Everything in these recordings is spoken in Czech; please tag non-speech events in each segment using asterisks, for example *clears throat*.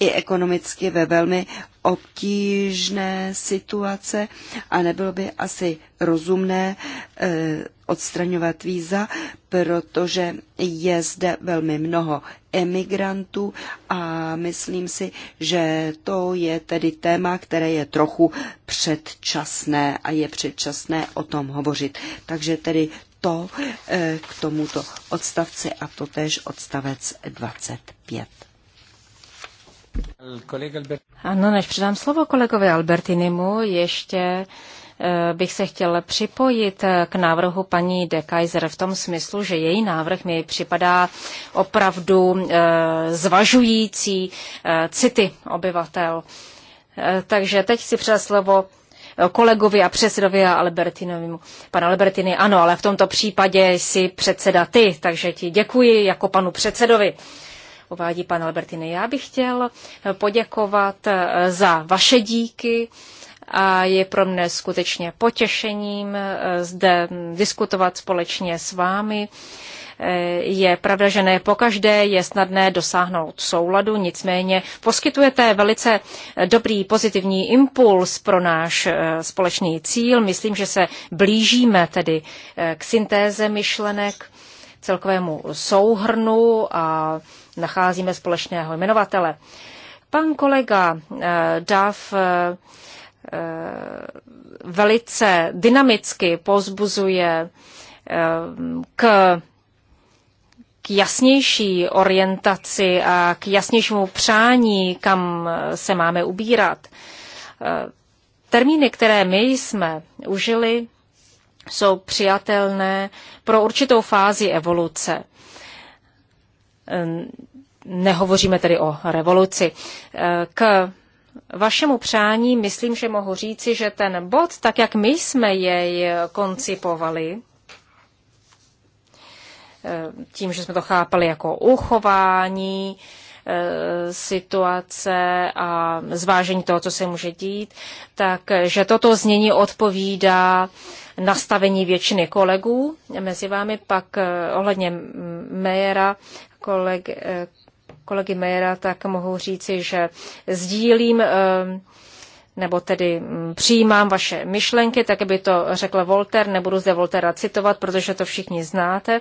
i ekonomicky ve velmi obtížné situace a nebylo by asi rozumné e, odstraňovat víza, protože je zde velmi mnoho emigrantů a myslím si, že to je tedy téma, které je trochu předčasné a je předčasné o tom hovořit. Takže tedy to e, k tomuto odstavci a totéž odstavec 25. Ano, než předám slovo kolegovi Albertinimu, ještě eh, bych se chtěl připojit eh, k návrhu paní De Kaiser v tom smyslu, že její návrh mi připadá opravdu eh, zvažující city obyvatel. Takže teď si přes slovo kolegovi a předsedovi a Albertinovi. Pan Albertiny, ano, ale v tomto případě jsi předseda ty, takže ti děkuji jako panu předsedovi uvádí pan Albertini. Já bych chtěl poděkovat eh, za vaše díky a je pro mne skutečně potěšením eh, zde diskutovat společně s vámi. Eh, je pravda, že ne pokaždé je snadné dosáhnout souladu, nicméně poskytujete velice dobrý pozitivní impuls pro náš společný cíl. Myslím, že se blížíme tedy k syntéze myšlenek celkovému souhrnu a nacházíme společného jmenovatele. Pan kolega eh, Dav eh, eh, velice dynamicky pozbuzuje k k jasnější orientaci a k jasnějšímu přání, kam se máme ubírat. Termíny, které my jsme užili, jsou přijatelné pro určitou fázi evoluce. Ehm, nehovoříme tedy o revoluci. Ehm, k vašemu přání myslím, že mohu říci, že ten bod, tak jak my jsme jej koncipovali, ehm, tím, že jsme to chápali jako uchování situace a zvážení toho, co se může dít, takže toto znění odpovídá nastavení většiny kolegů mezi vámi, pak eh, ohledně Mejera, koleg, eh, kolegy Mejera, tak mohu říci, že sdílím eh, nebo tedy mm, přijímám vaše myšlenky, tak by to řekl Volter, nebudu zde Voltera citovat, protože to všichni znáte.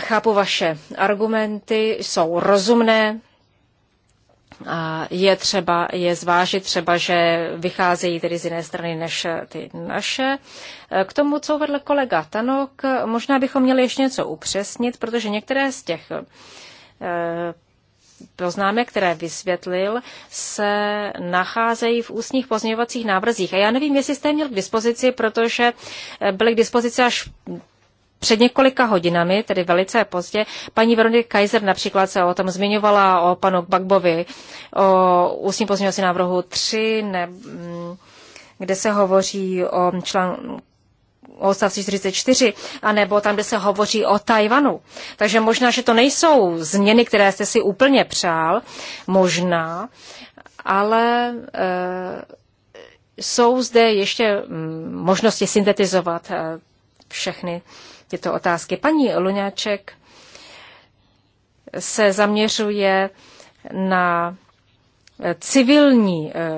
Chápu vaše argumenty, jsou rozumné, je třeba je zvážit třeba, že vycházejí tedy z jiné strany než ty naše. E, k tomu, co uvedl kolega Tanok, možná bychom měli ještě něco upřesnit, protože některé z těch e, poznámek, které vysvětlil, se nacházejí v ústních pozměňovacích návrzích. A já nevím, jestli jste měl k dispozici, protože byly k dispozici až před několika hodinami, tedy velice pozdě, paní Veronika Kaiser například se o tom zmiňovala, o panu Bagbovi, o ústním pozměňovacím návrhu 3, ne, mm, kde se hovoří o článku o odstavci 44, anebo tam, kde se hovoří o Tajvanu. Takže možná, že to nejsou změny, které jste si úplně přál, možná, ale e, jsou zde ještě mm, možnosti syntetizovat e, všechny tyto otázky. Paní Luňáček se zaměřuje na eh, civilní eh,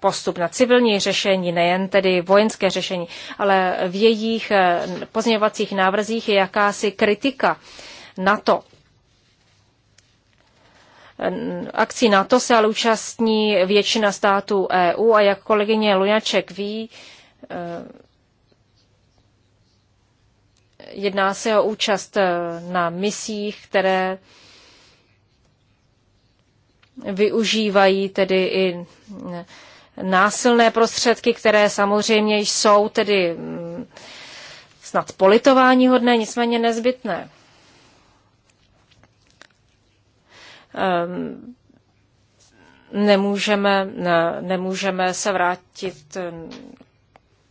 postup, na civilní řešení, nejen tedy vojenské řešení, ale v jejich eh, pozměňovacích návrzích je jakási kritika na to. Akcí NATO se ale účastní většina států EU a jak kolegyně Luňaček ví, Jedná se o účast eh, na misích, které využívají tedy i mm, násilné prostředky, které samozřejmě jsou tedy mm, snad politování hodné, nicméně nezbytné. Ehm, nemůžeme, ne, nemůžeme se vrátit mm,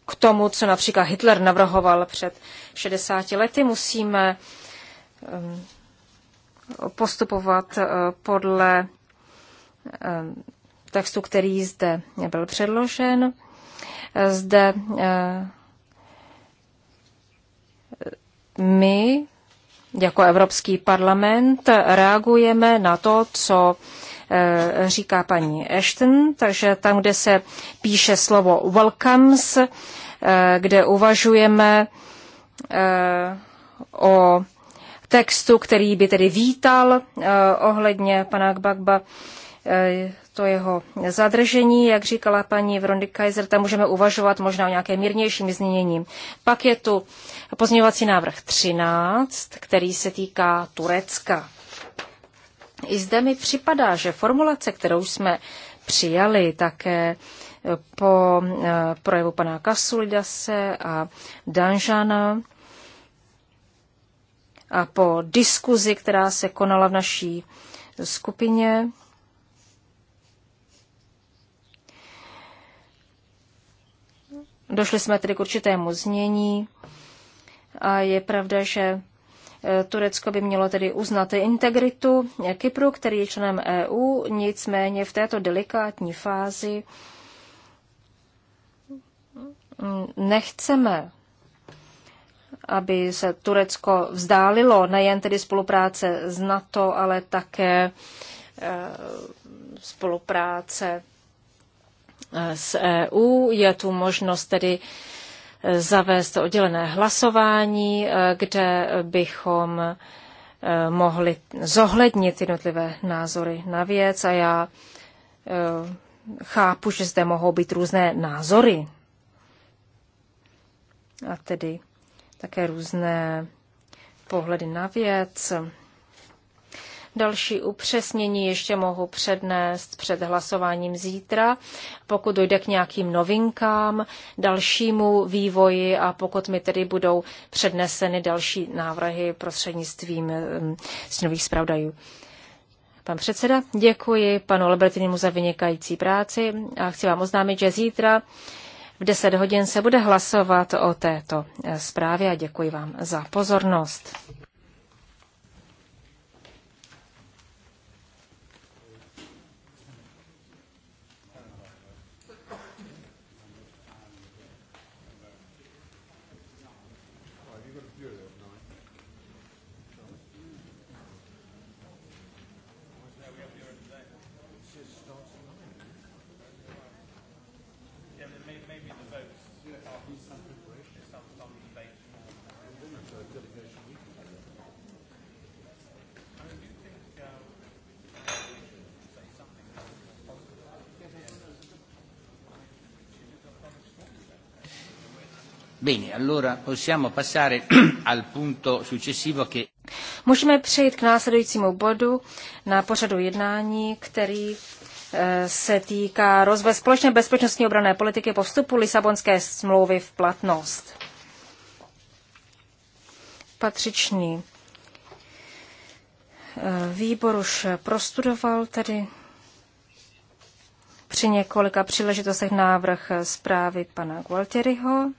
k tomu, co například Hitler navrhoval před 60 lety. Musíme um, postupovat uh, podle um, textu, který zde byl předložen. Zde uh, my jako Evropský parlament reagujeme na to, co Eh, říká paní Ashton, takže tam, kde se píše slovo welcomes, eh, kde uvažujeme eh, o textu, který by tedy vítal ohledně pana Gbagba, to jeho zadržení, jak říkala paní Vrondy Kaiser, tam můžeme uvažovat možná o nějakém mírnějším změněním. Pak je tu pozměňovací návrh 13, který se týká Turecka. I zde mi připadá, že formulace, kterou jsme přijali také eh, po eh, projevu pana Kasulidase a Danžana a po diskuzi, která se konala v naší skupině, Došli jsme tedy k určitému znění a je pravda, že Turecko by mělo tedy uznat integritu Kypru, který je členem EU, nicméně v této delikátní fázi nechceme aby se Turecko vzdálilo nejen tedy spolupráce s NATO, ale také eh, spolupráce eh, s EU. Je tu možnost tedy zavést oddělené hlasování, eh, kde bychom eh, mohli zohlednit jednotlivé názory na věc a já eh, chápu, že zde mohou být různé názory a tedy také různé pohledy na věc. Další upřesnění ještě mohu přednést před hlasováním zítra, pokud dojde k nějakým novinkám, dalšímu vývoji a pokud mi tedy budou předneseny další návrhy prostřednictvím mm, snových zpravdajů. Pan předseda, děkuji panu Lebertinimu za vynikající práci a chci vám oznámit, že zítra v 10 hodin se bude hlasovat o této eh, zprávě a děkuji vám za pozornost. Bene, allora possiamo passare *clears throat* al punto successivo che... Můžeme přejít k následujícímu bodu na pořadu jednání, který eh, se týká rozvoje společné bezpečnostní obrané politiky po vstupu Lisabonské smlouvy v platnost. Patřičný eh, výbor už prostudoval tedy při několika příležitostech návrh zprávy pana Gualtieriho.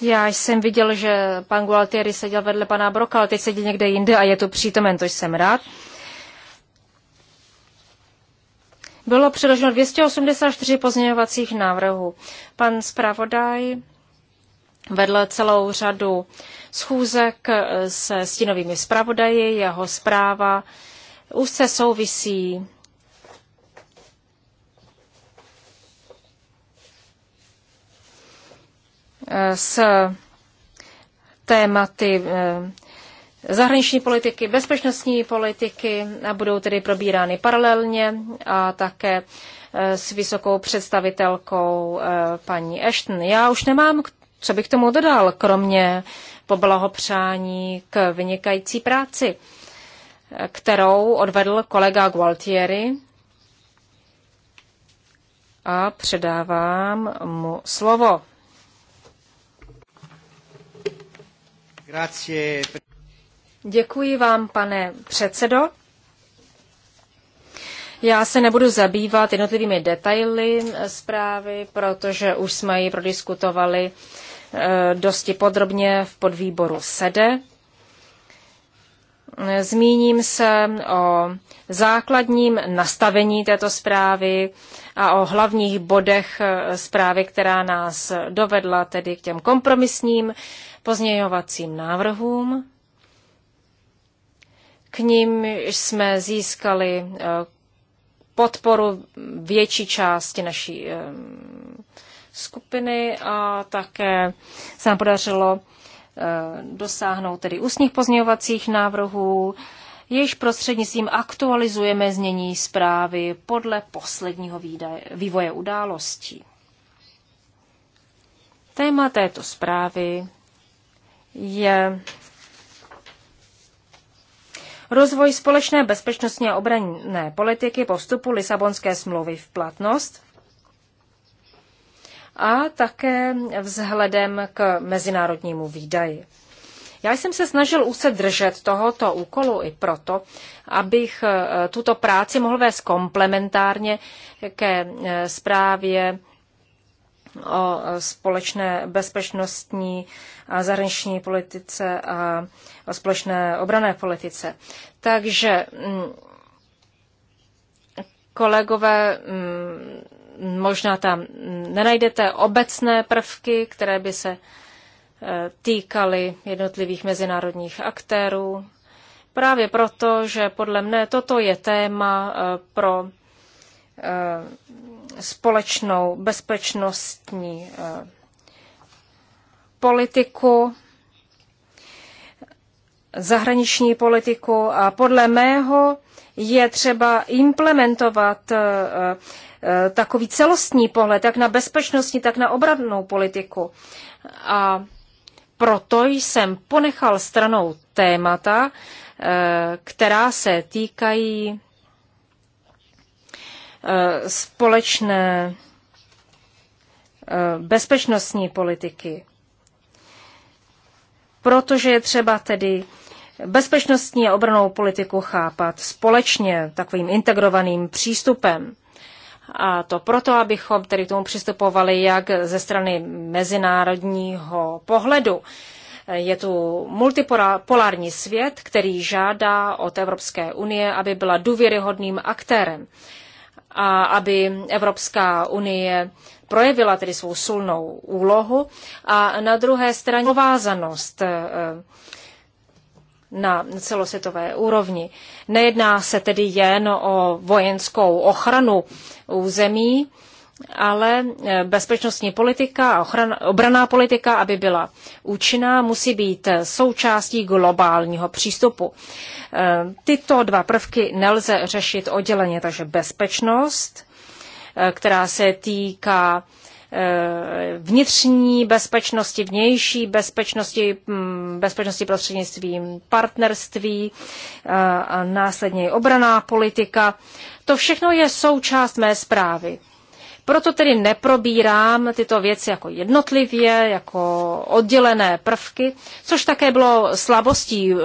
Já jsem viděl, že pan Gualtieri seděl vedle pana Broka, ale teď sedí někde jinde a je tu přítomen, to jsem rád. Bylo předloženo 284 pozměňovacích návrhů. Pan zpravodaj vedl celou řadu schůzek eh, se stínovými zpravodaji, jeho zpráva úzce souvisí s tématy eh, zahraniční politiky, bezpečnostní politiky a budou tedy probírány paralelně a také eh, s vysokou představitelkou eh, paní Ashton. Já už nemám, co bych tomu dodal, kromě poblahopřání k vynikající práci, kterou odvedl kolega Gualtieri. A předávám mu slovo. Děkuji vám, pane předsedo. Já se nebudu zabývat jednotlivými detaily zprávy, protože už jsme ji prodiskutovali eh, dosti podrobně v podvýboru SEDE. Zmíním se o základním nastavení této zprávy a o hlavních bodech eh, zprávy, která nás dovedla tedy k těm kompromisním pozměňovacím návrhům. K ním jsme získali eh, podporu větší části naší eh, skupiny a také se nám podařilo eh, dosáhnout tedy ústních pozměňovacích návrhů, jejichž prostřednictvím aktualizujeme znění zprávy podle posledního vývoje událostí. Téma této zprávy je rozvoj společné bezpečnostní a obranné politiky po vstupu Lisabonské smlouvy v platnost a také vzhledem k mezinárodnímu výdaji. Já jsem se snažil úse držet tohoto úkolu i proto, abych eh, tuto práci mohl vést komplementárně ke eh, zprávě o společné bezpečnostní a zahraniční politice a o společné obrané politice. Takže mm, kolegové, mm, možná tam nenajdete obecné prvky, které by se e, týkaly jednotlivých mezinárodních aktérů. Právě proto, že podle mne toto je téma e, pro e, společnou bezpečnostní eh, politiku, zahraniční politiku a podle mého je třeba implementovat eh, eh, takový celostní pohled, jak na bezpečnostní, tak na obradnou politiku. A proto jsem ponechal stranou témata, která se týkají Eh, společné eh, bezpečnostní politiky. Protože je třeba tedy bezpečnostní a obranou politiku chápat společně takovým integrovaným přístupem. A to proto, abychom tedy k tomu přistupovali jak ze strany mezinárodního pohledu. Je tu multipolární svět, který žádá od Evropské unie, aby byla důvěryhodným aktérem a aby Evropská unie projevila tedy svou silnou úlohu a na druhé straně povázanost eh, na celosvětové úrovni. Nejedná se tedy jen o vojenskou ochranu území, ale eh, bezpečnostní politika a obraná politika, aby byla účinná, musí být eh, součástí globálního přístupu. Eh, tyto dva prvky nelze řešit odděleně, takže bezpečnost, která se týká vnitřní bezpečnosti, vnější bezpečnosti, hm, bezpečnosti prostřednictvím partnerství, a následně i obraná politika. To všechno je součást mé zprávy. Proto tedy neprobírám tyto věci jako jednotlivě, jako oddělené prvky, což také bylo slabostí eh,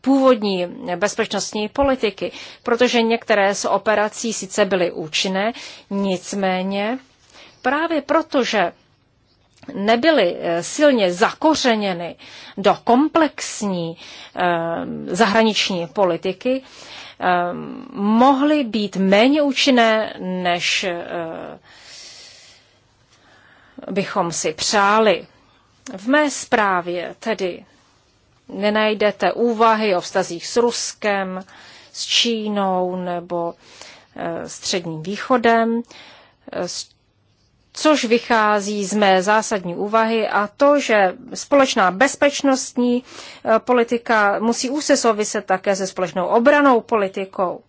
původní bezpečnostní politiky, protože některé z operací sice byly účinné, nicméně právě protože nebyly eh, silně zakořeněny do komplexní eh, zahraniční politiky, Ehm, mohly být méně účinné, než eh, bychom si přáli. V mé zprávě tedy nenajdete úvahy o vztazích s Ruskem, s Čínou nebo eh, Středním východem. S což vychází z mé zásadní úvahy a to, že společná bezpečnostní e, politika musí úzce souviset také se společnou obranou politikou.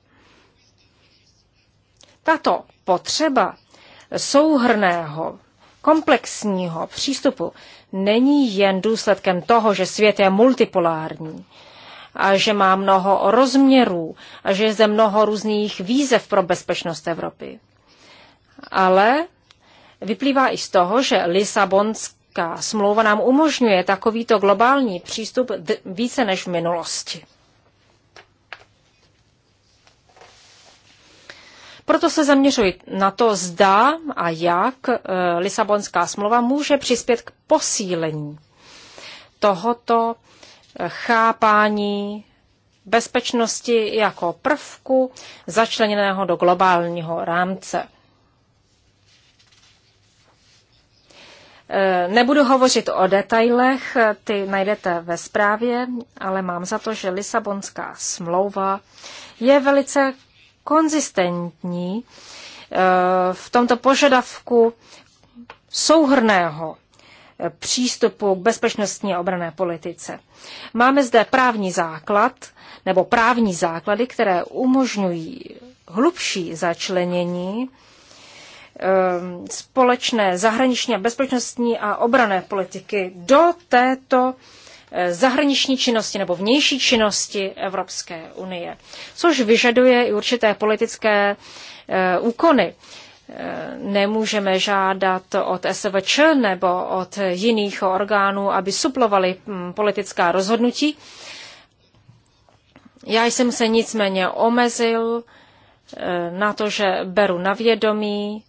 Tato potřeba souhrného komplexního přístupu není jen důsledkem toho, že svět je multipolární a že má mnoho rozměrů a že je zde mnoho různých výzev pro bezpečnost Evropy. Ale vyplývá i z toho, že Lisabonská smlouva nám umožňuje takovýto globální přístup více než v minulosti. Proto se zaměřuji na to, zda a jak eh, Lisabonská smlouva může přispět k posílení tohoto eh, chápání bezpečnosti jako prvku začleněného do globálního rámce. Eh, nebudu hovořit o detailech, eh, ty najdete ve zprávě, ale mám za to, že Lisabonská smlouva je velice konzistentní eh, v tomto požadavku souhrného přístupu k bezpečnostní a obrané politice. Máme zde právní základ nebo právní základy, které umožňují hlubší začlenění Eh, společné zahraniční a bezpečnostní a obrané politiky do této eh, zahraniční činnosti nebo vnější činnosti Evropské unie, což vyžaduje i určité politické eh, úkony. Nemůžeme žádat od SVČ nebo od jiných orgánů, aby suplovali hm, politická rozhodnutí. Já jsem se nicméně omezil na to, že beru na vědomí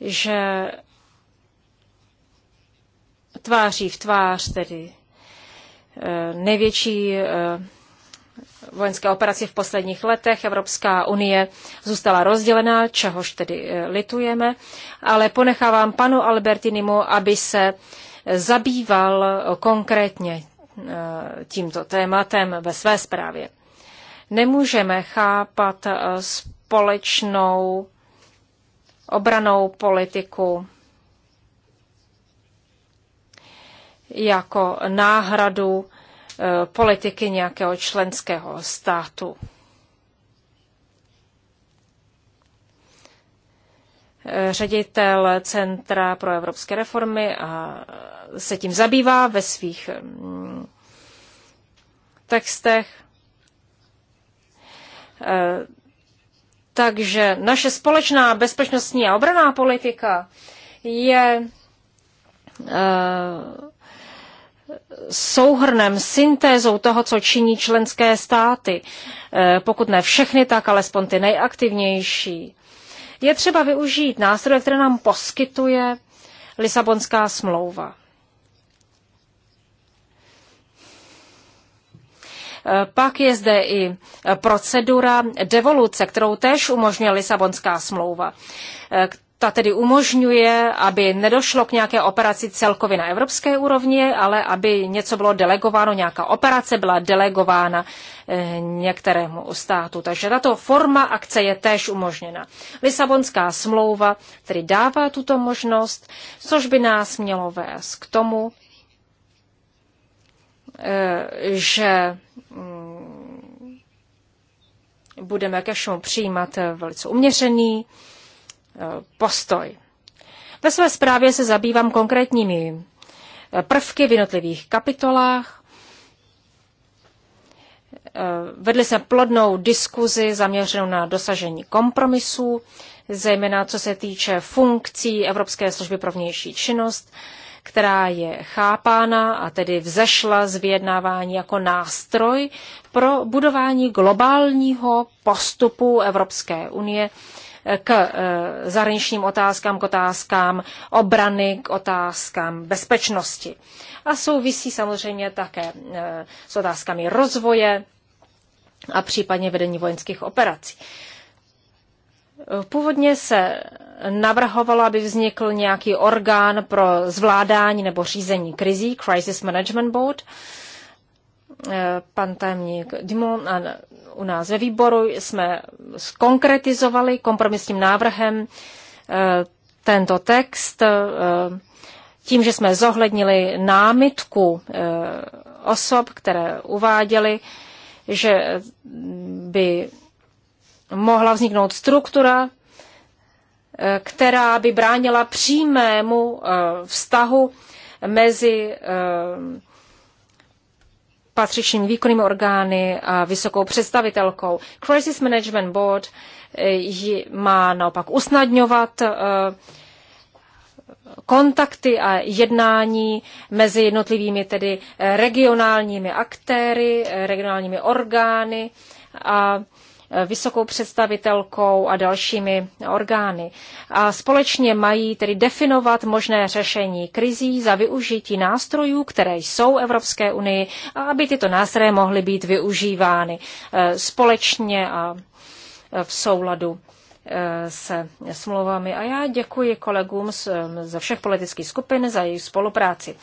že tváří v tvář tedy e, největší e, vojenské operaci v posledních letech. Evropská unie zůstala rozdělená, čehož tedy e, litujeme, ale ponechávám panu Albertinimu, aby se zabýval konkrétně tímto tématem ve své zprávě. Nemůžeme chápat společnou obranou politiku jako náhradu e, politiky nějakého členského státu. Ředitel Centra pro evropské reformy a se tím zabývá ve svých mm, textech. E, takže naše společná bezpečnostní a obraná politika je eh, souhrnem, syntézou toho, co činí členské státy. Eh, pokud ne všechny, tak alespoň ty nejaktivnější. Je třeba využít nástroje, které nám poskytuje Lisabonská smlouva. Pak je zde i procedura devoluce, kterou též umožňuje Lisabonská smlouva. Ta tedy umožňuje, aby nedošlo k nějaké operaci celkově na evropské úrovni, ale aby něco bylo delegováno, nějaká operace byla delegována eh, některému státu. Takže tato forma akce je též umožněna. Lisabonská smlouva tedy dává tuto možnost, což by nás mělo vést k tomu, eh, že budeme ke všemu přijímat eh, velice uměřený eh, postoj. Ve své zprávě se zabývám konkrétními eh, prvky v jednotlivých kapitolách. Vedli jsme plodnou diskuzi zaměřenou na dosažení kompromisů, zejména co se týče funkcí Evropské služby pro vnější činnost, která je chápána a tedy vzešla z vyjednávání jako nástroj pro budování globálního postupu Evropské unie k eh, zahraničním otázkám, k otázkám obrany, k otázkám bezpečnosti. A souvisí samozřejmě také eh, s otázkami rozvoje a případně vedení vojenských operací. Původně se navrhovalo, aby vznikl nějaký orgán pro zvládání nebo řízení krizí, Crisis Management Board, Eh, pan tajemník Dimon a u nás ve výboru jsme skonkretizovali kompromisním návrhem eh, tento text eh, tím, že jsme zohlednili námitku osob, které uváděly, že by mohla vzniknout struktura, která by bránila přímému vztahu mezi patřičnými výkonnými orgány a vysokou představitelkou. Crisis Management Board eh, má naopak usnadňovat eh, kontakty a jednání mezi jednotlivými tedy regionálními aktéry, eh, regionálními orgány a vysokou představitelkou a dalšími orgány. A společně mají tedy definovat možné řešení krizí za využití nástrojů, které jsou Evropské unii, a aby tyto nástroje mohly být využívány e, společně a e, v souladu e, se smlouvami. A já děkuji kolegům ze všech politických skupin za jejich spolupráci.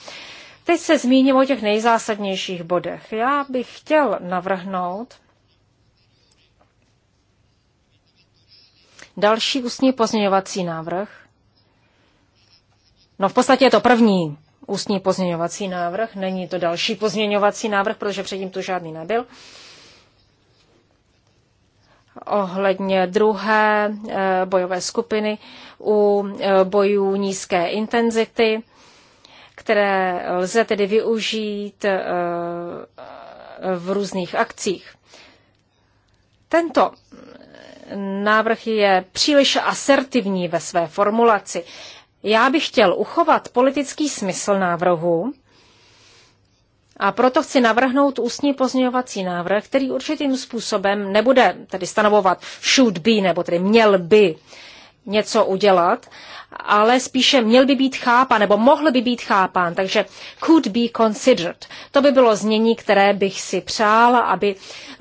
Teď se zmíním o těch nejzásadnějších bodech. Já bych chtěl navrhnout, Další ústní pozměňovací návrh. No v podstatě je to první ústní pozměňovací návrh, není to další pozměňovací návrh, protože předtím tu žádný nebyl. Ohledně druhé eh, bojové skupiny u eh, bojů nízké intenzity, které lze tedy využít eh, v různých akcích. Tento návrh je příliš asertivní ve své formulaci. Já bych chtěl uchovat politický smysl návrhu a proto chci navrhnout ústní pozměňovací návrh, který určitým způsobem nebude tedy stanovovat should be nebo tedy měl by něco udělat, ale spíše měl by být chápan, nebo mohl by být chápán, takže could be considered. To by bylo znění, které bych si přála, aby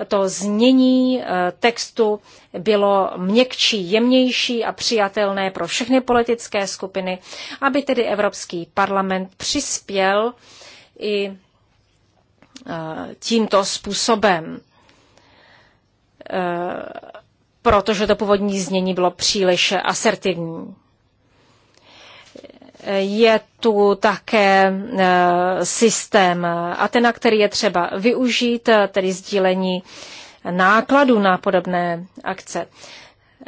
to znění eh, textu bylo měkčí, jemnější a přijatelné pro všechny politické skupiny, aby tedy Evropský parlament přispěl i eh, tímto způsobem eh, protože to původní znění bylo příliš asertivní. Je tu také e, systém Atena, který je třeba využít, e, tedy sdílení nákladů na podobné akce.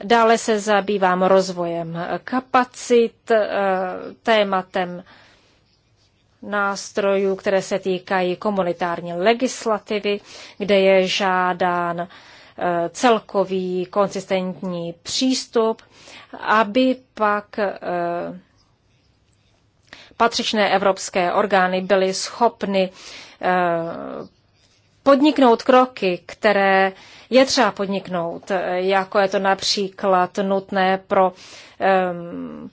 Dále se zabývám rozvojem kapacit, e, tématem nástrojů, které se týkají komunitární legislativy, kde je žádán celkový konsistentní přístup, aby pak eh, patřičné evropské orgány byly schopny eh, podniknout kroky, které je třeba podniknout, eh, jako je to například nutné pro ehm,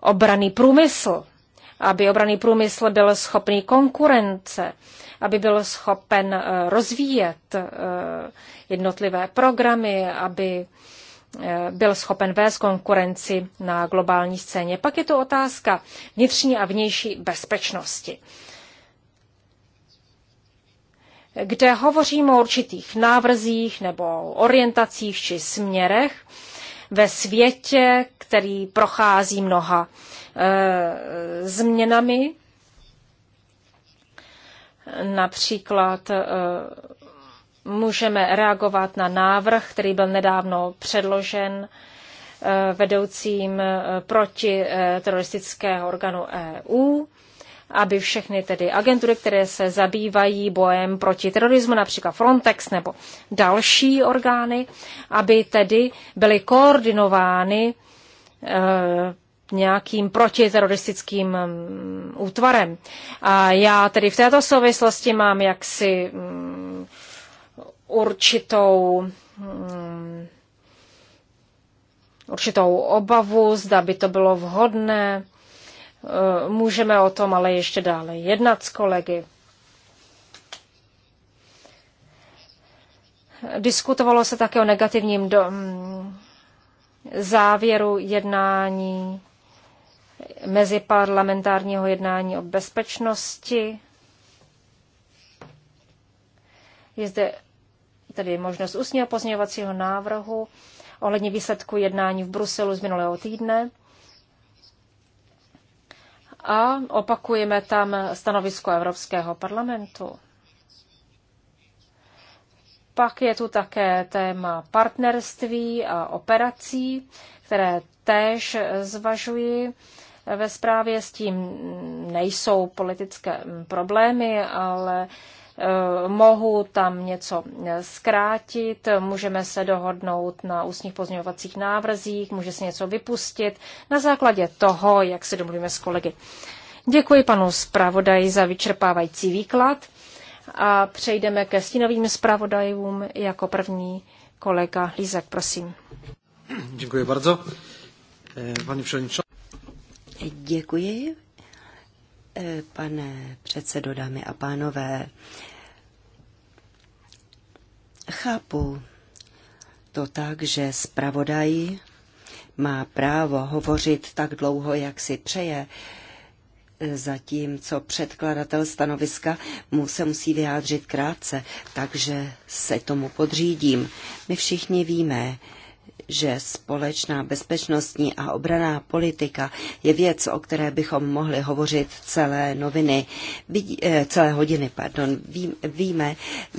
obraný průmysl, aby obraný průmysl byl schopný konkurence, aby byl schopen eh, rozvíjet eh, jednotlivé programy, aby eh, byl schopen vést konkurenci na globální scéně. Pak je to otázka vnitřní a vnější bezpečnosti kde hovoříme o určitých návrzích nebo orientacích či směrech ve světě, který prochází mnoha e, změnami Například e, můžeme reagovat na návrh, který byl nedávno předložen e, vedoucím e, proti teroristického orgánu EU, aby všechny tedy agentury, které se zabývají bojem proti terorismu, například Frontex nebo další orgány, aby tedy byly koordinovány nějakým protiteroristickým mm, útvarem. A já tedy v této souvislosti mám jaksi mm, určitou mm, určitou obavu, zda by to bylo vhodné. E, můžeme o tom ale ještě dále jednat s kolegy. Diskutovalo se také o negativním do, závěru jednání meziparlamentárního jednání o bezpečnosti. Je zde tedy možnost ústního pozměňovacího návrhu ohledně výsledku jednání v Bruselu z minulého týdne. A opakujeme tam stanovisko Evropského parlamentu. Pak je tu také téma partnerství a operací, které též zvažuji ve zprávě s tím nejsou politické problémy, ale e, mohu tam něco zkrátit, můžeme se dohodnout na ústních pozměňovacích návrzích, může se něco vypustit na základě toho, jak se domluvíme s kolegy. Děkuji panu zpravodaji za vyčerpávající výklad a přejdeme ke stínovým zpravodajům jako první kolega Lízek, prosím. Děkuji bardzo. Eh, pani Děkuji, eh, pane předsedo, dámy a pánové. Chápu to tak, že zpravodaj má právo hovořit tak dlouho, jak si přeje, zatímco předkladatel stanoviska mu se musí vyjádřit krátce, takže se tomu podřídím. My všichni víme, že společná bezpečnostní a obraná politika je věc, o které bychom mohli hovořit celé noviny, eh, celé hodiny. Pardon. víme,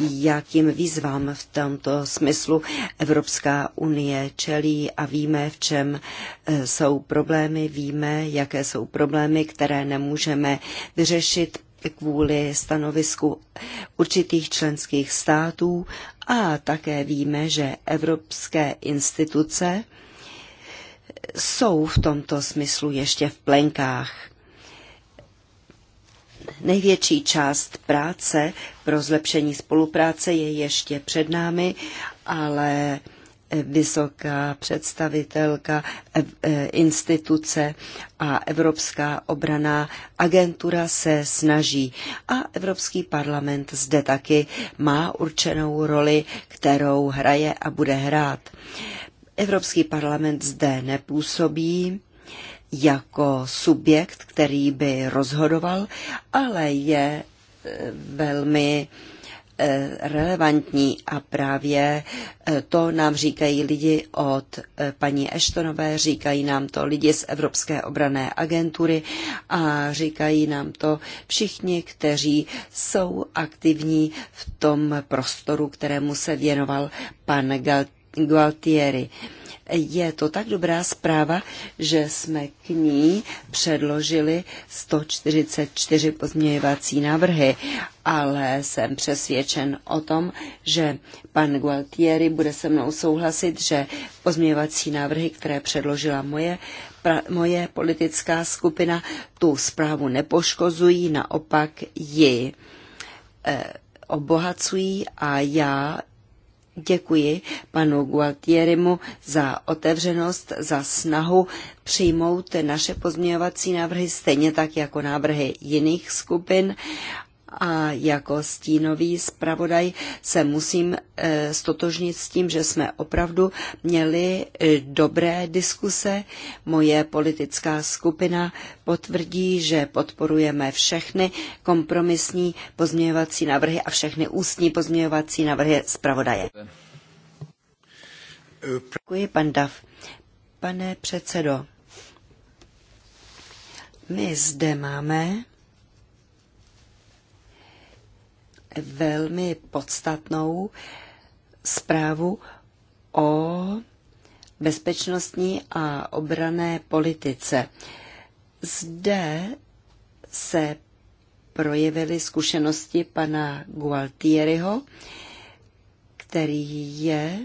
jakým výzvám v tomto smyslu Evropská unie čelí a víme, v čem eh, jsou problémy, víme, jaké jsou problémy, které nemůžeme vyřešit kvůli stanovisku určitých členských států a také víme, že evropské instituce jsou v tomto smyslu ještě v plenkách. Největší část práce pro zlepšení spolupráce je ještě před námi, ale vysoká představitelka e, e, instituce a Evropská obraná agentura se snaží. A Evropský parlament zde taky má určenou roli, kterou hraje a bude hrát. Evropský parlament zde nepůsobí jako subjekt, který by rozhodoval, ale je e, velmi eh, relevantní a právě eh, to nám říkají lidi od eh, paní Eštonové, říkají nám to lidi z Evropské obrané agentury a říkají nám to všichni, kteří jsou aktivní v tom prostoru, kterému se věnoval pan Gualtieri. Je to tak dobrá zpráva, že jsme k ní předložili 144 pozměňovací návrhy, ale jsem přesvědčen o tom, že pan Gualtieri bude se mnou souhlasit, že pozměňovací návrhy, které předložila moje pra, moje politická skupina tu zprávu nepoškozují, naopak ji Eh, obohacují a já Děkuji panu Gualtierimu za otevřenost, za snahu přijmout naše pozměňovací návrhy, stejně tak jako návrhy jiných skupin a jako stínový zpravodaj se musím eh, stotožnit s tím, že jsme opravdu měli eh, dobré diskuse. Moje politická skupina potvrdí, že podporujeme všechny kompromisní pozměňovací návrhy a všechny ústní pozměňovací návrhy zpravodaje. Děkuji, pan Dav. Pane předsedo, my zde máme velmi podstatnou zprávu o bezpečnostní a obrané politice. Zde se projevily zkušenosti pana Gualtieriho, který je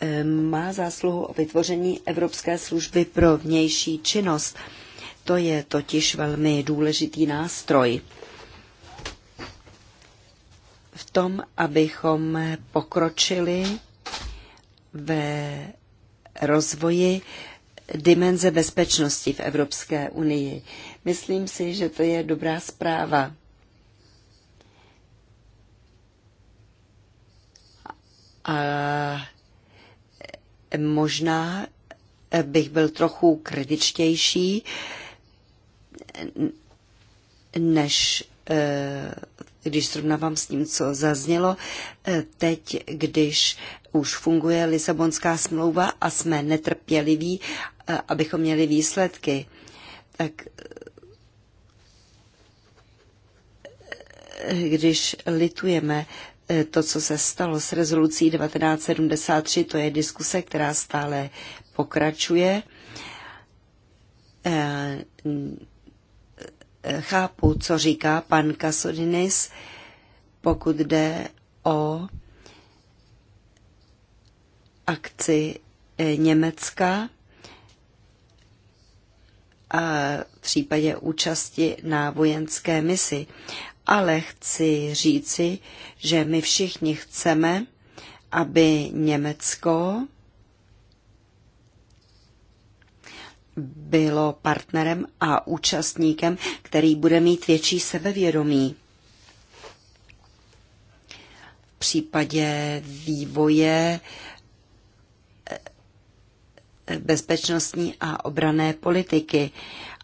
Ehm, má zásluhu o vytvoření Evropské služby pro vnější činnost. To je totiž velmi důležitý nástroj v tom, abychom pokročili ve rozvoji dimenze bezpečnosti v Evropské unii. Myslím si, že to je dobrá zpráva. A Možná eh, bych byl trochu kritičtější než eh, když srovnávám s tím, co zaznělo, eh, teď, když už funguje Lisabonská smlouva a jsme netrpěliví, abychom měli výsledky, tak když litujeme E, to, co se stalo s rezolucí 1973, to je diskuse, která stále pokračuje. E, chápu, co říká pan Kasodinis, pokud jde o akci e, Německa a v případě účasti na vojenské misi ale chci říci, že my všichni chceme, aby Německo bylo partnerem a účastníkem, který bude mít větší sebevědomí. V případě vývoje eh, eh, bezpečnostní a obrané politiky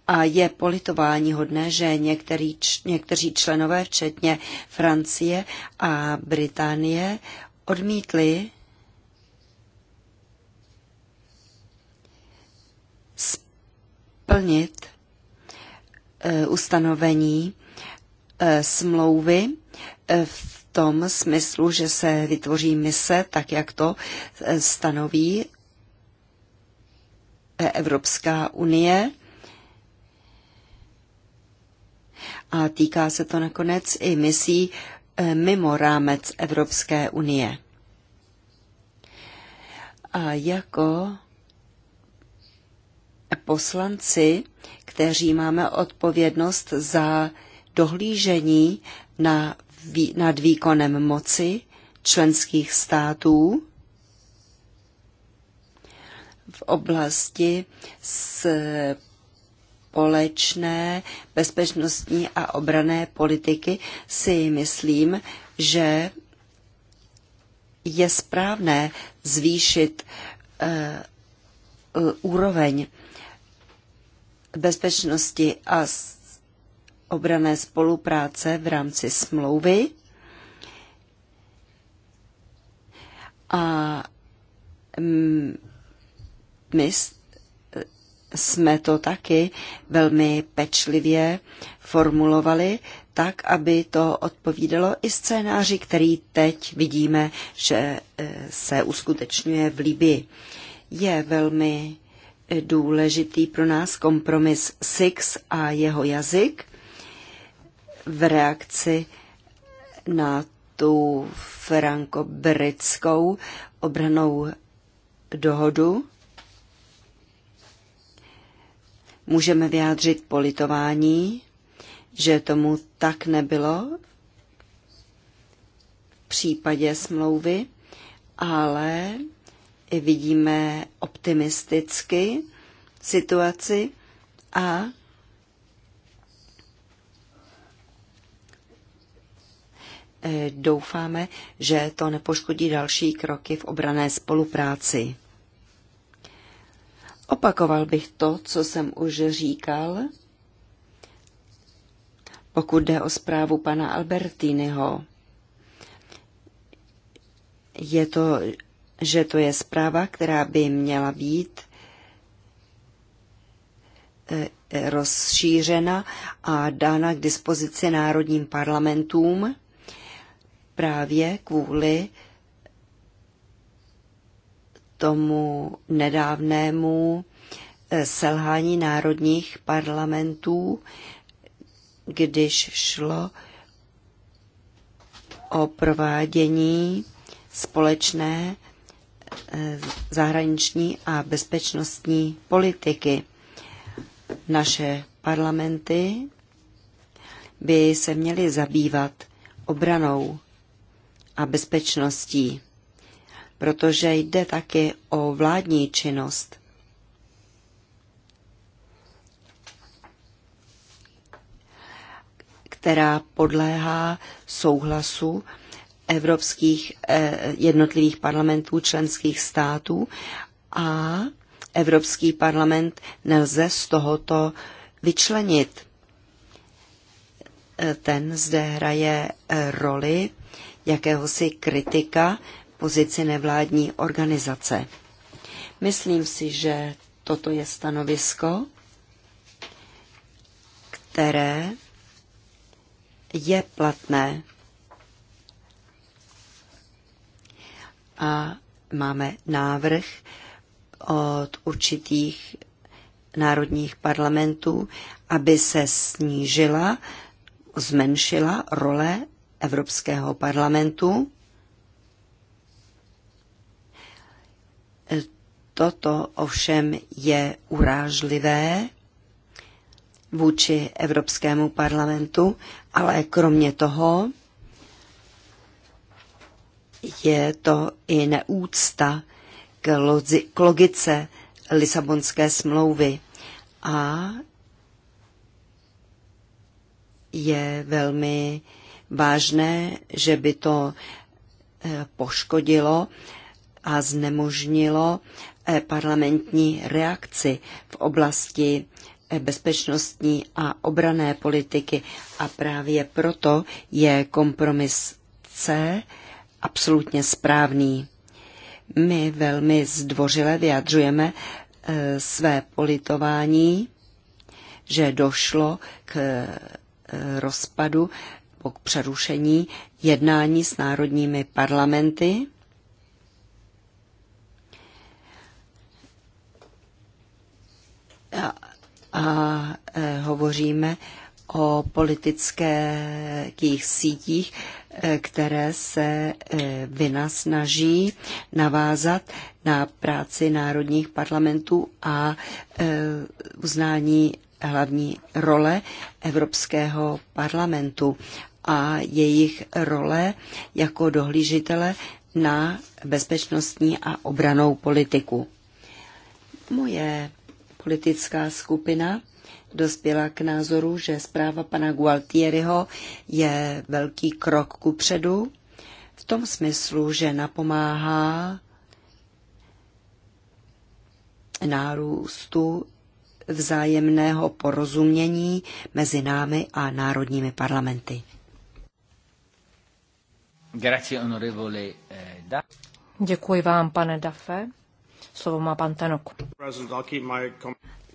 a je politování hodné, že některý, někteří členové, včetně Francie a Británie, odmítli splnit eh, ustanovení eh, smlouvy eh, v tom smyslu, že se vytvoří mise, tak jak to stanoví Evropská unie a týká se to nakonec i misí eh, mimo rámec Evropské unie. A jako poslanci, kteří máme odpovědnost za dohlížení na, nad výkonem moci členských států v oblasti s společné bezpečnostní a obrané politiky si myslím, že je správné zvýšit uh, úroveň bezpečnosti a obrané spolupráce v rámci smlouvy a mist mm, jsme to taky velmi pečlivě formulovali, tak, aby to odpovídalo i scénáři, který teď vidíme, že eh, se uskutečňuje v Libii. Je velmi eh, důležitý pro nás kompromis Six a jeho jazyk v reakci na tu franko-britskou obranou dohodu Můžeme vyjádřit politování, že tomu tak nebylo v případě smlouvy, ale vidíme optimisticky situaci a eh, doufáme, že to nepoškodí další kroky v obrané spolupráci. Opakoval bych to, co jsem už říkal, pokud jde o zprávu pana Albertiniho. Je to, že to je zpráva, která by měla být e, e, rozšířena a dána k dispozici národním parlamentům právě kvůli tomu nedávnému eh, selhání národních parlamentů, když šlo o provádění společné eh, zahraniční a bezpečnostní politiky. Naše parlamenty by se měly zabývat obranou a bezpečností protože jde taky o vládní činnost. která podléhá souhlasu evropských eh, jednotlivých parlamentů členských států a Evropský parlament nelze z tohoto vyčlenit. Eh, ten zde hraje eh, roli jakéhosi kritika pozici nevládní organizace. Myslím si, že toto je stanovisko, které je platné a máme návrh od určitých národních parlamentů, aby se snížila, zmenšila role Evropského parlamentu Toto ovšem je urážlivé vůči Evropskému parlamentu, ale kromě toho je to i neúcta k logice Lisabonské smlouvy a je velmi vážné, že by to eh, poškodilo a znemožnilo parlamentní reakci v oblasti bezpečnostní a obrané politiky a právě proto je kompromis C absolutně správný. My velmi zdvořile vyjadřujeme e, své politování, že došlo k e, rozpadu, k přerušení jednání s národními parlamenty a, a e, hovoříme o politických sítích, e, které se e, vina snaží navázat na práci národních parlamentů a uznání hlavní role Evropského parlamentu a jejich role jako dohlížitele na bezpečnostní a obranou politiku. Moje Politická skupina dospěla k názoru, že zpráva pana Gualtieriho je velký krok ku předu v tom smyslu, že napomáhá nárůstu vzájemného porozumění mezi námi a národními parlamenty. Eh, Děkuji vám, pane Dafe. Slovo má pan Tanok.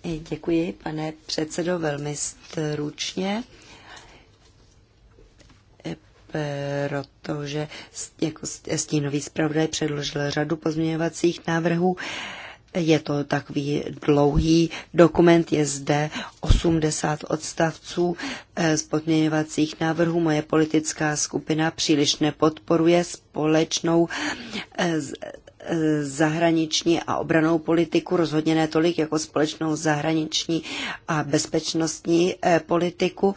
Děkuji, pane předsedo, velmi stručně e, protože jako stínový zpravodaj předložil řadu pozměňovacích návrhů. Je to takový dlouhý dokument, je zde 80 odstavců e, z podměňovacích návrhů. Moje politická skupina příliš nepodporuje společnou e, zahraniční a obranou politiku, rozhodně ne tolik jako společnou zahraniční a bezpečnostní eh, politiku.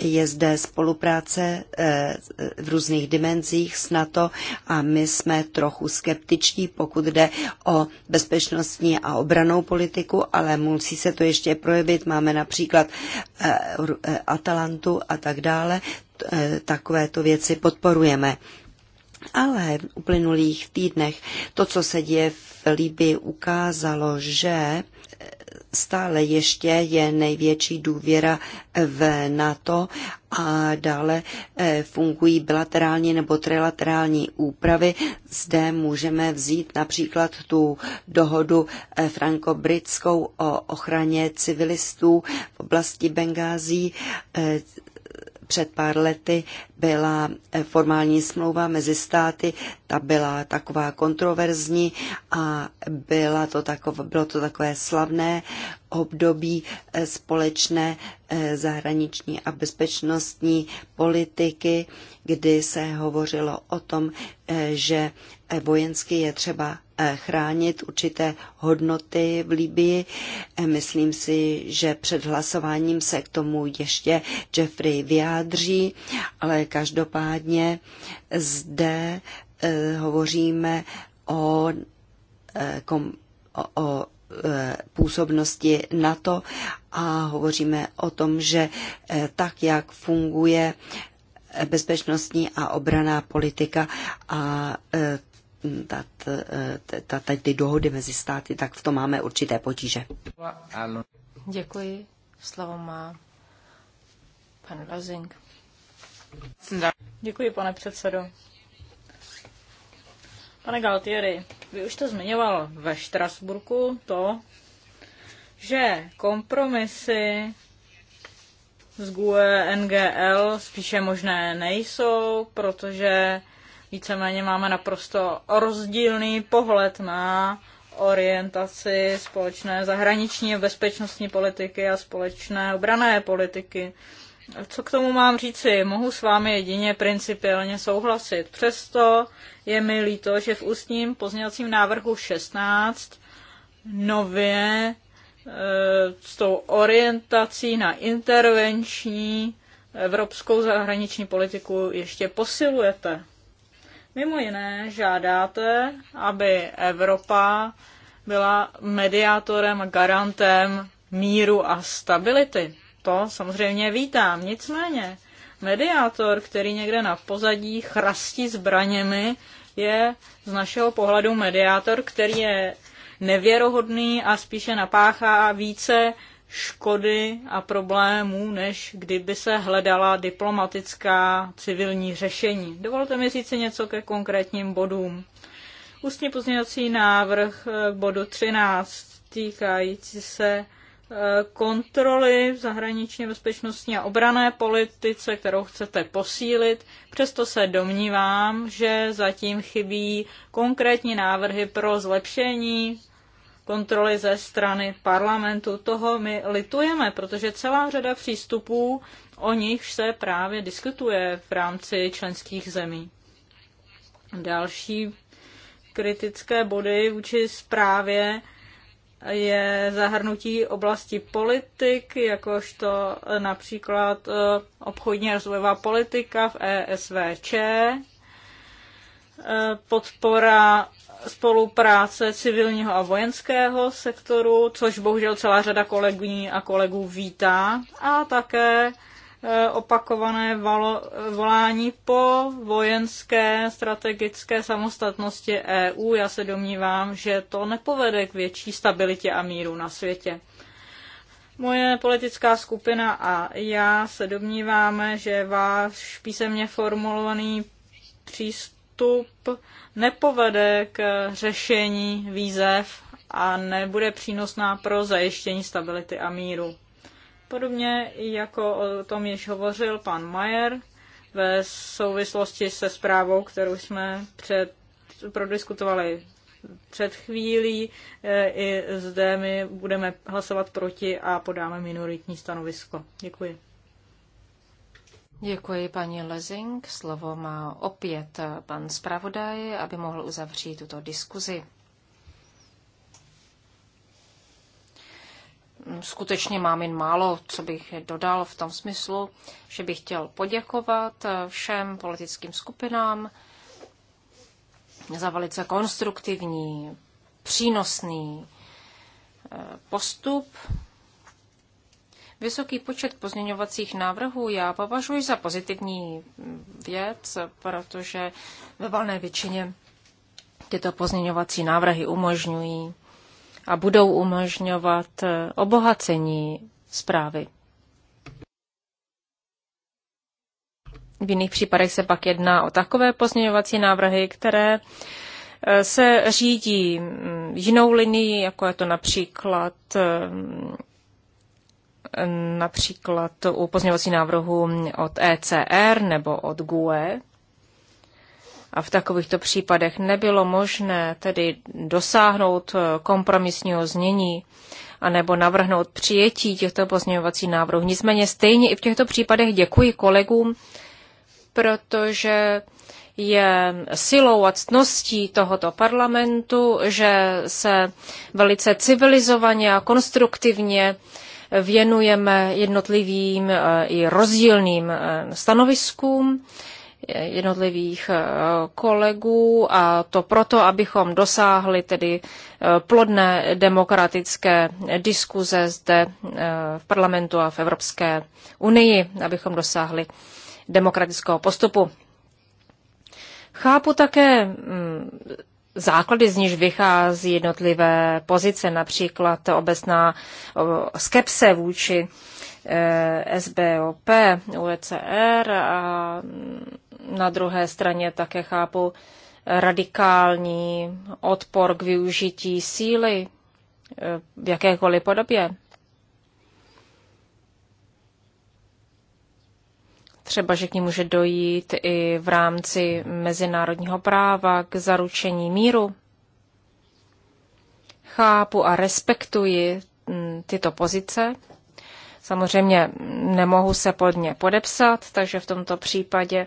Je zde spolupráce eh, v různých dimenzích s NATO a my jsme trochu skeptičtí, pokud jde o bezpečnostní a obranou politiku, ale musí se to ještě projevit. Máme například eh, Atalantu a tak dále. Takovéto věci podporujeme. Ale v uplynulých týdnech to, co se děje v Libii, ukázalo, že eh, stále ještě je největší důvěra eh, v NATO a dále eh, fungují bilaterální nebo trilaterální úpravy. Zde můžeme vzít například tu dohodu franko-britskou o ochraně civilistů v oblasti Bengází před pár lety byla eh, formální smlouva mezi státy, ta byla taková kontroverzní a byla to takov, bylo to takové slavné období eh, společné eh, zahraniční a bezpečnostní politiky, kdy se hovořilo o tom, že vojensky je třeba chránit určité hodnoty v Libii. Myslím si, že před hlasováním se k tomu ještě Jeffrey vyjádří, ale Každopádně zde eh, hovoříme o, eh, o, o eh, působnosti NATO a hovoříme o tom, že tak, jak funguje bezpečnostní a obraná politika a tady ty dohody mezi státy, tak v tom máme určité potíže. Děkuji. Slovo má pan Lozing. Děkuji, pane předsedo. Pane Galtieri, vy už to zmiňoval ve Štrasburku, to, že kompromisy z GUE NGL spíše možné nejsou, protože víceméně máme naprosto rozdílný pohled na orientaci společné zahraniční a bezpečnostní politiky a společné obrané politiky co k tomu mám říci? Mohu s vámi jedině principiálně souhlasit. Přesto je mi líto, že v ústním pozněvacím návrhu 16 nově e, s tou orientací na intervenční evropskou zahraniční politiku ještě posilujete. Mimo jiné žádáte, aby Evropa byla mediátorem, garantem míru a stability to samozřejmě vítám. Nicméně, mediátor, který někde na pozadí chrastí zbraněmi, je z našeho pohledu mediátor, který je nevěrohodný a spíše napáchá více škody a problémů, než kdyby se hledala diplomatická civilní řešení. Dovolte mi říct něco ke konkrétním bodům. Ústní pozměňovací návrh k eh, bodu 13 týkající se kontroly v zahraničně bezpečnostní a obrané politice, kterou chcete posílit. Přesto se domnívám, že zatím chybí konkrétní návrhy pro zlepšení kontroly ze strany parlamentu. Toho my litujeme, protože celá řada přístupů, o nich se právě diskutuje v rámci členských zemí. Další kritické body vůči zprávě je zahrnutí oblasti politik, jakožto například e, obchodní rozvojová politika v ESVČ, e, podpora spolupráce civilního a vojenského sektoru, což bohužel celá řada kolegyní a kolegů vítá, a také Eh, opakované valo, volání po vojenské strategické samostatnosti EU. Já se domnívám, že to nepovede k větší stabilitě a míru na světě. Moje politická skupina a já se domníváme, že váš písemně formulovaný přístup nepovede k řešení výzev a nebude přínosná pro zajištění stability a míru. Podobně jako o tom již hovořil pan Majer ve souvislosti se zprávou, kterou jsme před, prodiskutovali před chvílí, e, i zde my budeme hlasovat proti a podáme minoritní stanovisko. Děkuji. Děkuji paní Lezing. Slovo má opět pan zpravodaj, aby mohl uzavřít tuto diskuzi. Mm, skutečně mám jen málo, co bych dodal v tom smyslu, že bych chtěl poděkovat eh, všem politickým skupinám za velice konstruktivní, přínosný eh, postup. Vysoký počet pozměňovacích návrhů já považuji za pozitivní mm, věc, protože ve valné většině tyto pozměňovací návrhy umožňují a budou umožňovat eh, obohacení zprávy. V jiných případech se pak jedná o takové pozměňovací návrhy, které eh, se řídí mm, jinou linií, jako je to například eh, například u pozměňovací návrhu od ECR nebo od GUE, a v takovýchto případech nebylo možné tedy dosáhnout eh, kompromisního znění anebo navrhnout přijetí těchto pozměňovacích návrhů. Nicméně stejně i v těchto případech děkuji kolegům, protože je silou a ctností tohoto parlamentu, že se velice civilizovaně a konstruktivně věnujeme jednotlivým eh, i rozdílným eh, stanoviskům jednotlivých eh, kolegů a to proto, abychom dosáhli tedy eh, plodné demokratické diskuze zde eh, v parlamentu a v Evropské unii, abychom dosáhli demokratického postupu. Chápu také mm, základy, z níž vychází jednotlivé pozice, například obecná skepse vůči SBOP, UECR a mm, na druhé straně také chápu radikální odpor k využití síly eh, v jakékoliv podobě. Třeba, že k ní může dojít i v rámci mezinárodního práva k zaručení míru. Chápu a respektuji mm, tyto pozice. Samozřejmě nemohu se pod ně podepsat, takže v tomto případě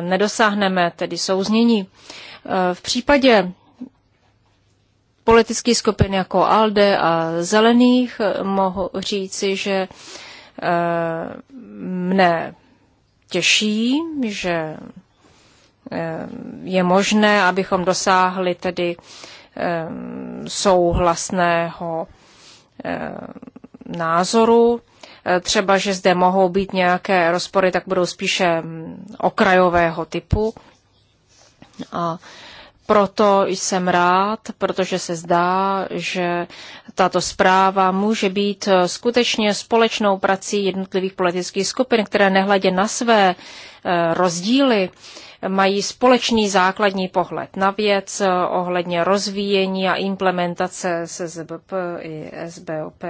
nedosáhneme, tedy souznění. E, v případě politických skupin jako ALDE a Zelených e, mohu říci, že e, mne těší, že je možné, abychom dosáhli tedy souhlasného názoru Eh, třeba, že zde mohou být nějaké rozpory, tak budou spíše mm, okrajového typu. A proto jsem rád, protože se zdá, že tato zpráva může být eh, skutečně společnou prací jednotlivých politických skupin, které nehledě na své eh, rozdíly mají společný základní pohled na věc ohledně rozvíjení a implementace SZBP i SBOP.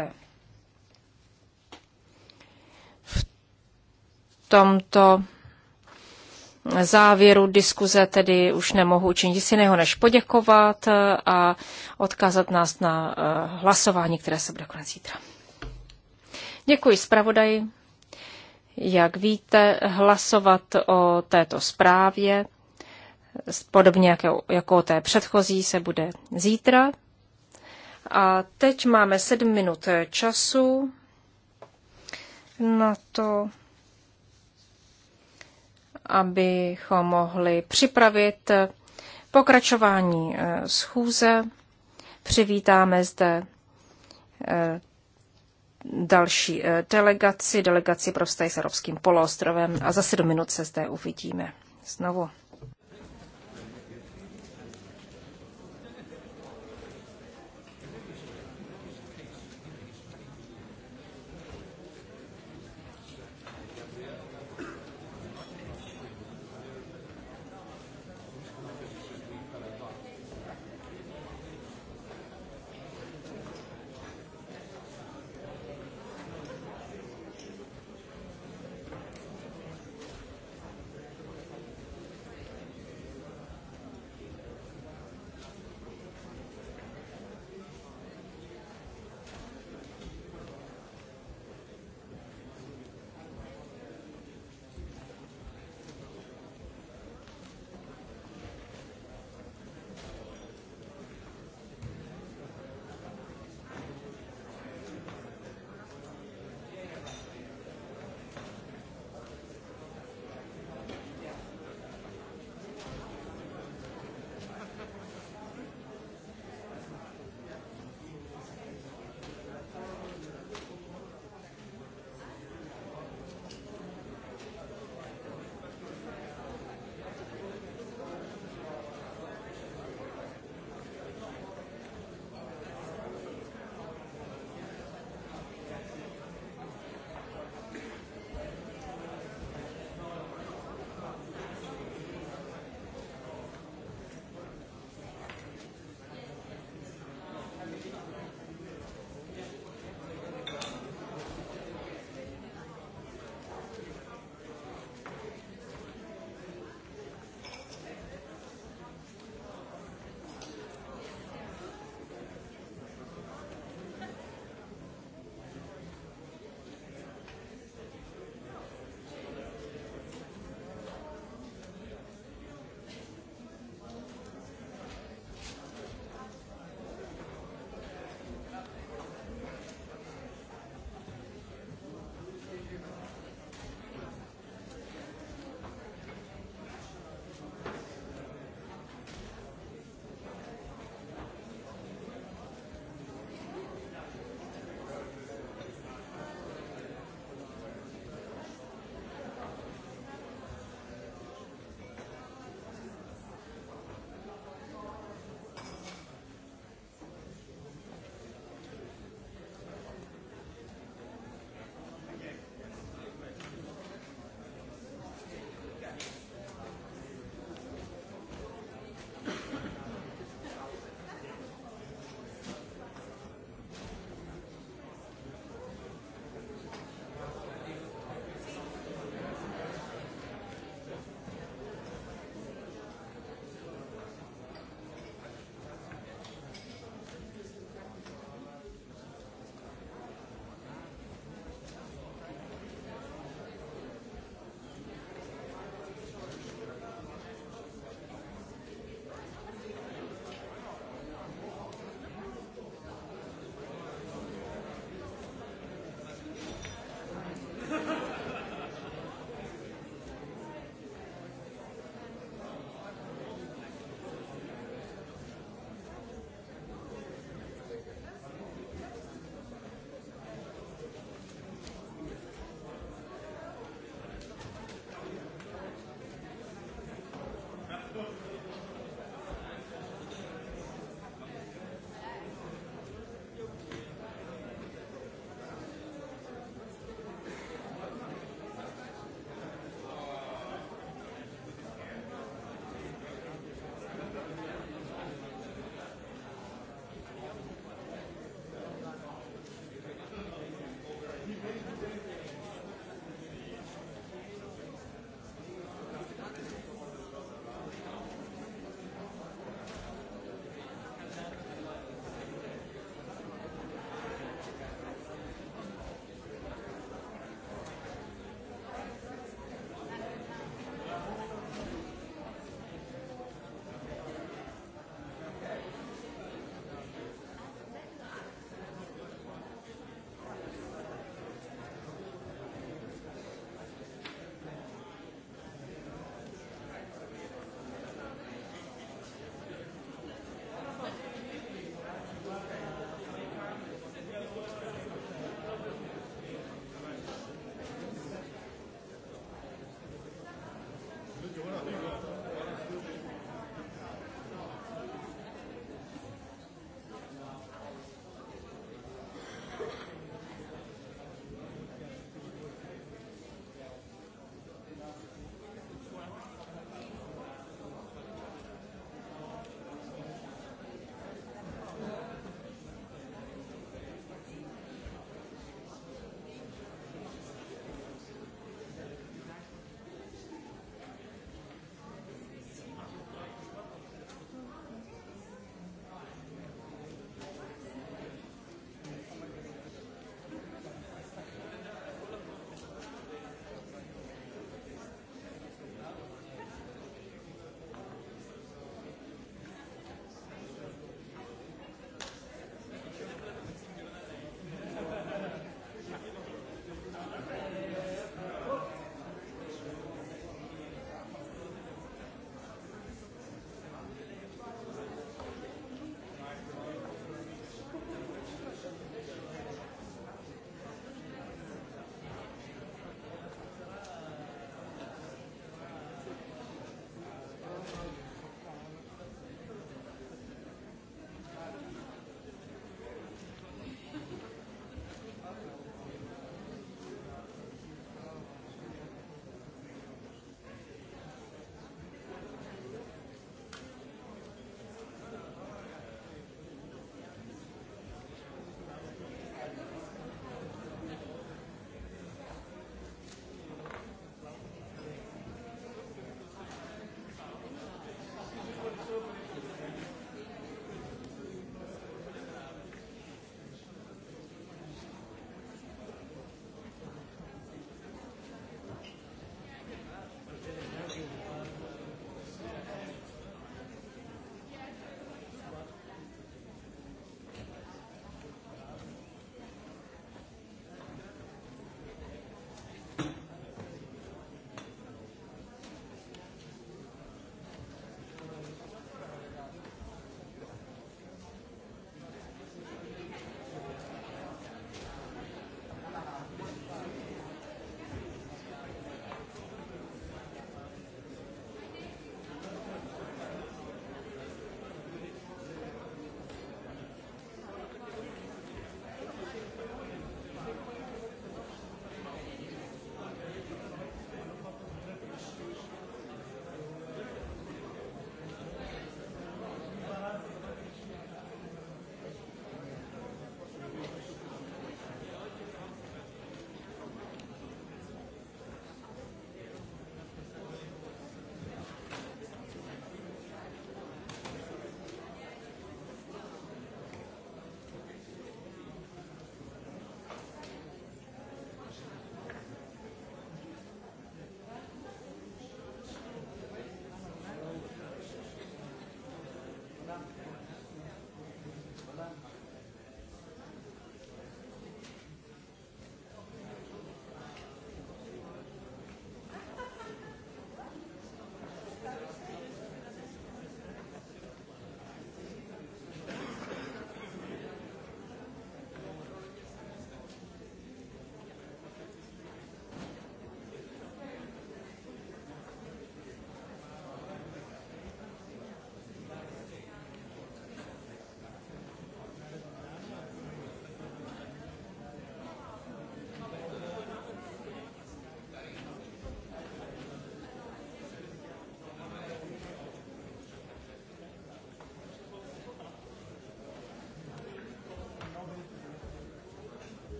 tomto závěru diskuze tedy už nemohu učinit nic jiného, než poděkovat eh, a odkázat nás na eh, hlasování, které se bude konec zítra. Děkuji zpravodaji. Jak víte, hlasovat o této zprávě, podobně jako, jako o té předchozí, se bude zítra. A teď máme sedm minut času na to, abychom mohli připravit pokračování eh, schůze. Přivítáme zde eh, další eh, delegaci, delegaci pro vztahy s Arabským poloostrovem a za sedm minut se zde uvidíme znovu.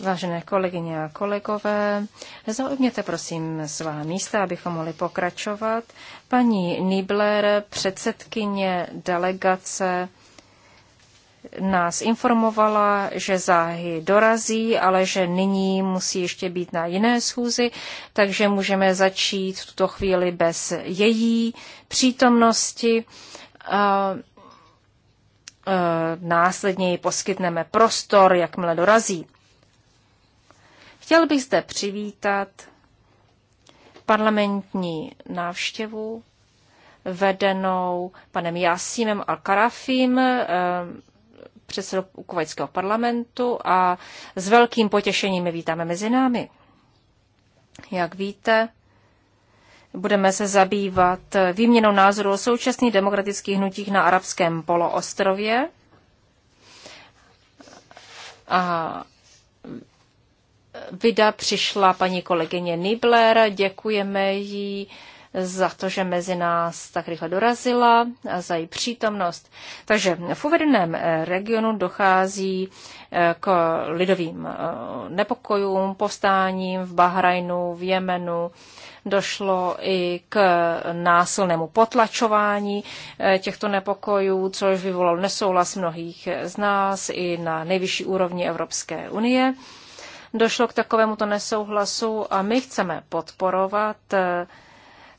Vážené kolegyně a kolegové, zaujměte prosím svá místa, abychom mohli pokračovat. Paní Nibler, předsedkyně delegace, nás informovala, že záhy dorazí, ale že nyní musí ještě být na jiné schůzi, takže můžeme začít v tuto chvíli bez její přítomnosti. Uh, Eh, následně ji poskytneme prostor, jakmile dorazí. Chtěl bych zde přivítat parlamentní návštěvu vedenou panem Jasímem Al-Karafim, eh, předsedou kuvajského parlamentu a s velkým potěšením je vítáme mezi námi. Jak víte, budeme se zabývat výměnou názoru o současných demokratických hnutích na arabském poloostrově. A vida přišla paní kolegyně Nibler, děkujeme jí za to, že mezi nás tak rychle dorazila a za její přítomnost. Takže v uvedeném eh, regionu dochází eh, k lidovým eh, nepokojům, povstáním v Bahrajnu, v Jemenu, došlo i k násilnému potlačování eh, těchto nepokojů, což vyvolalo nesouhlas mnohých z nás i na nejvyšší úrovni Evropské unie. Došlo k takovémuto nesouhlasu a my chceme podporovat eh,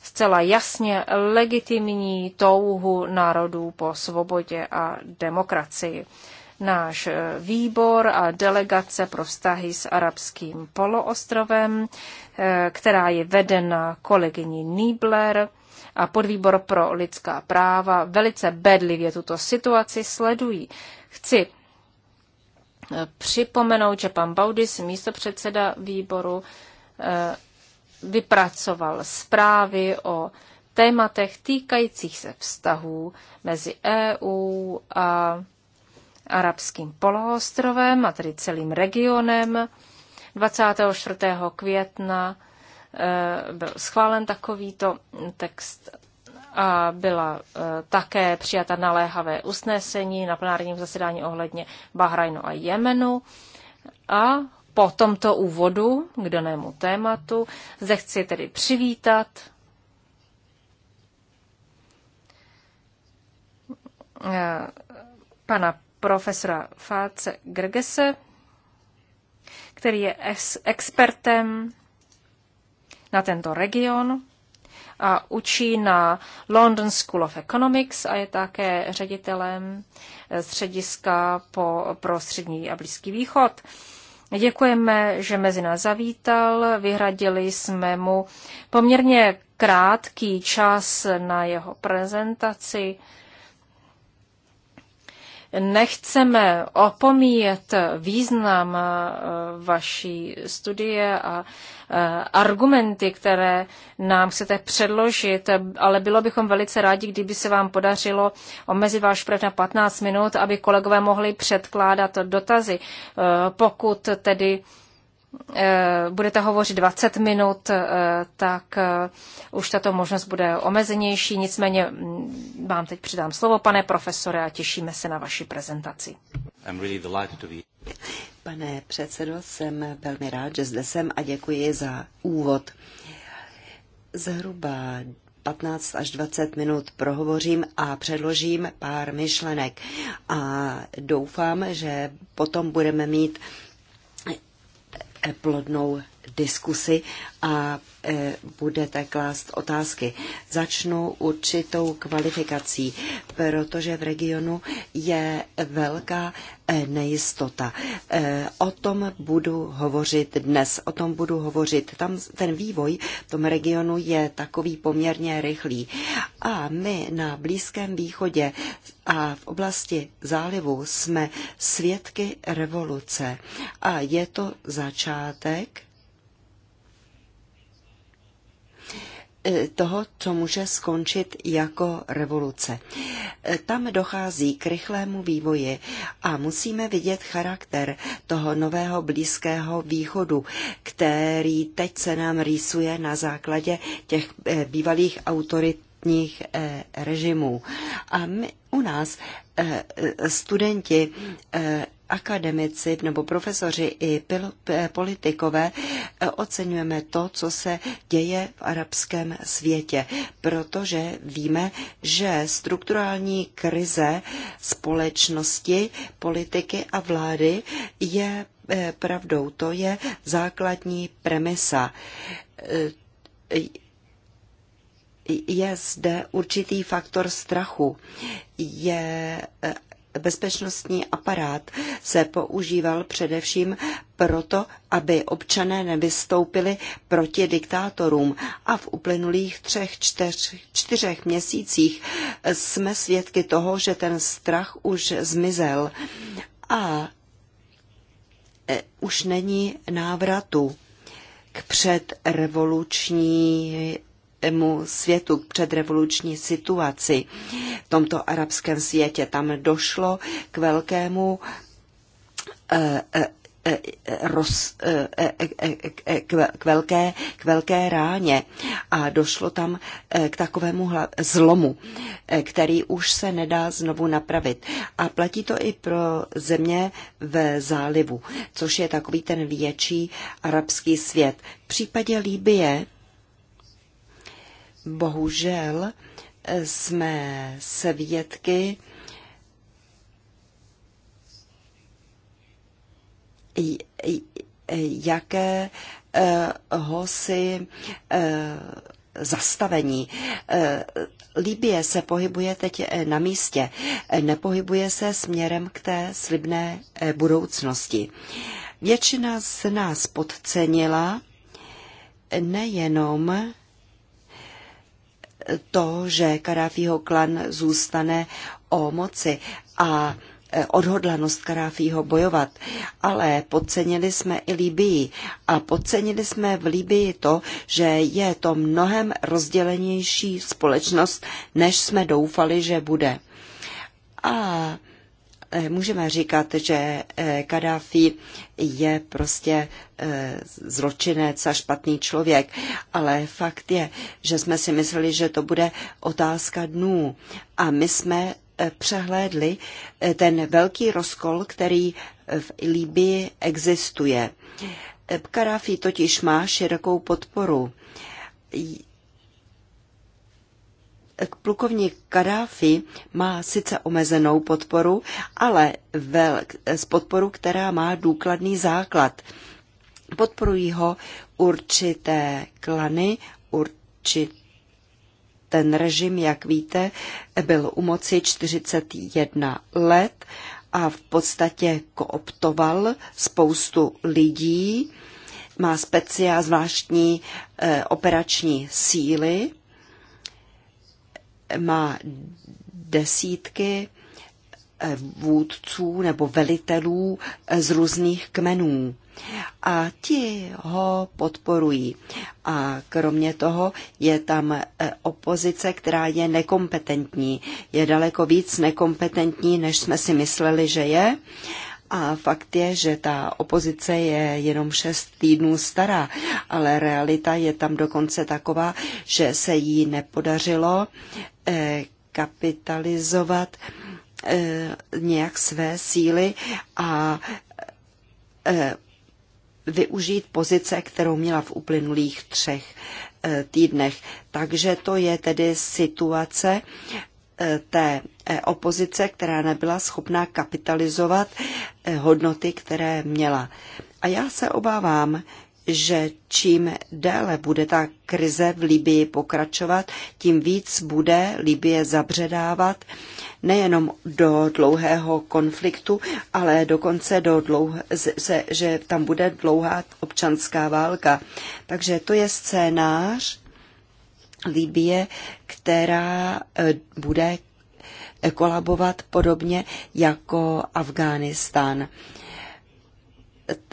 zcela jasně legitimní touhu národů po svobodě a demokracii. Náš eh, výbor a delegace pro vztahy s arabským poloostrovem Eh, která je vedena kolegyní Niebler a podvýbor pro lidská práva velice bedlivě tuto situaci sledují. Chci eh, připomenout, že pan Baudis, předseda výboru, eh, vypracoval zprávy o tématech týkajících se vztahů mezi EU a arabským poloostrovem a tedy celým regionem 24. května eh, byl schválen takovýto text a byla eh, také přijata naléhavé usnesení na plenárním zasedání ohledně Bahrajnu a Jemenu. A po tomto úvodu k danému tématu zde chci tedy přivítat eh, pana profesora Fáce Grgese, který je expertem na tento region a učí na London School of Economics a je také ředitelem eh, střediska po, pro střední a blízký východ. Děkujeme, že mezi nás zavítal. Vyhradili jsme mu poměrně krátký čas na jeho prezentaci nechceme opomíjet význam eh, vaší studie a eh, argumenty, které nám chcete předložit, ale bylo bychom velice rádi, kdyby se vám podařilo omezit váš projev na 15 minut, aby kolegové mohli předkládat dotazy. Eh, pokud tedy Eh, budete hovořit 20 minut, eh, tak eh, už tato možnost bude omezenější. Nicméně mm, vám teď předám slovo, pane profesore, a těšíme se na vaši prezentaci. Pane předsedo, jsem velmi rád, že zde jsem a děkuji za úvod. Zhruba 15 až 20 minut prohovořím a předložím pár myšlenek a doufám, že potom budeme mít plodnou diskusi a e, budete klást otázky. Začnu určitou kvalifikací, protože v regionu je velká e, nejistota. E, o tom budu hovořit dnes, o tom budu hovořit. Tam ten vývoj v tom regionu je takový poměrně rychlý. A my na Blízkém východě a v oblasti zálivu jsme svědky revoluce. A je to začátek E, toho, co může skončit jako revoluce. E, tam dochází k rychlému vývoji a musíme vidět charakter toho nového blízkého východu, který teď se nám rýsuje na základě těch e, bývalých autoritních režimů. A my u nás studenti akademici nebo profesoři i pil, politikové eh, oceňujeme to, co se děje v arabském světě, protože víme, že strukturální krize společnosti, politiky a vlády je eh, pravdou. To je základní premisa eh, je zde určitý faktor strachu. Je bezpečnostní aparát se používal především proto, aby občané nevystoupili proti diktátorům. A v uplynulých třech, čtyř, čtyřech měsících jsme svědky toho, že ten strach už zmizel. A e, už není návratu k předrevoluční arabskému světu, k předrevoluční situaci. V tomto arabském světě tam došlo k velkému roz, k, velké, k velké ráně a došlo tam eh, k takovému zlomu, eh, který už se nedá znovu napravit. A platí to i pro země ve zálivu, což je takový ten větší arabský svět. V případě Líbie bohužel eh, jsme se jaké jakého si eh, zastavení. Eh, Libie se pohybuje teď na místě, nepohybuje se směrem k té slibné budoucnosti. Většina z nás podcenila nejenom to, že Karáfího klan zůstane o moci a e, odhodlanost Karáfího bojovat. Ale podcenili jsme i Libii a podcenili jsme v Libii to, že je to mnohem rozdělenější společnost, než jsme doufali, že bude. A Eh, můžeme říkat, že Kadáfi eh, je prostě eh, zločinec a špatný člověk, ale fakt je, že jsme si mysleli, že to bude otázka dnů. A my jsme přehlédli ten velký rozkol, který v Libii existuje. Kadáfi totiž má širokou podporu plukovník Kadáfi má sice omezenou podporu, ale velk, z podporu, která má důkladný základ. Podporují ho určité klany, určité ten režim, jak víte, byl u moci 41 let a v podstatě kooptoval spoustu lidí. Má speciá zvláštní e, operační síly, má desítky eh, vůdců nebo velitelů eh, z různých kmenů. A ti ho podporují. A kromě toho je tam eh, opozice, která je nekompetentní. Je daleko víc nekompetentní, než jsme si mysleli, že je. A fakt je, že ta opozice je jenom šest týdnů stará, ale realita je tam dokonce taková, že se jí nepodařilo Eh, kapitalizovat eh, nějak své síly a eh, využít pozice, kterou měla v uplynulých třech týdnech. Takže to je tedy situace té opozice, která nebyla schopná kapitalizovat hodnoty, které měla. A já se obávám, že čím déle bude ta krize v Libii pokračovat, tím víc bude Libie zabředávat nejenom do dlouhého konfliktu, ale dokonce do dlouh, se, že tam bude dlouhá občanská válka. Takže to je scénář Libie, která eh, bude kolabovat podobně jako Afghánistán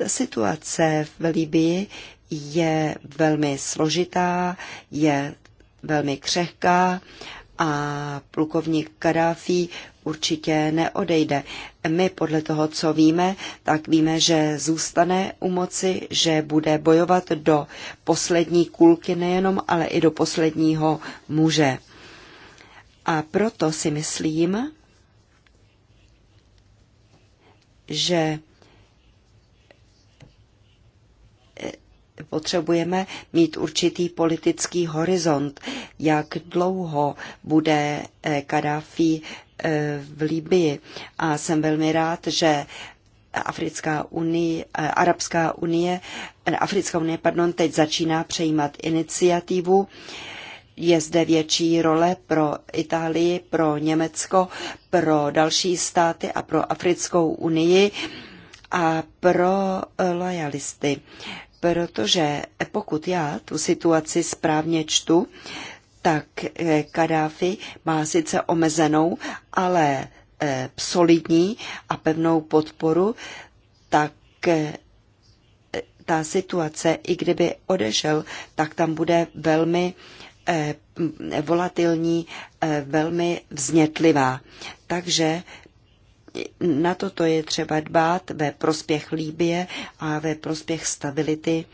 situace v Libii je velmi složitá, je velmi křehká a plukovník Kadáfi určitě neodejde. My podle toho, co víme, tak víme, že zůstane u moci, že bude bojovat do poslední kulky nejenom, ale i do posledního muže. A proto si myslím, že potřebujeme mít určitý politický horizont, jak dlouho bude eh, Kadáfi eh, v Libii. A jsem velmi rád, že Africká unie, eh, Arabská unie, Africká unie, pardon, teď začíná přejímat iniciativu. Je zde větší role pro Itálii, pro Německo, pro další státy a pro Africkou unii a pro lojalisty protože pokud já tu situaci správně čtu, tak eh, Kadáfi má sice omezenou, ale eh, solidní a pevnou podporu, tak eh, ta situace, i kdyby odešel, tak tam bude velmi volatilní, velmi vznětlivá. Takže na toto je třeba dbát ve prospěch Líbie a ve prospěch stability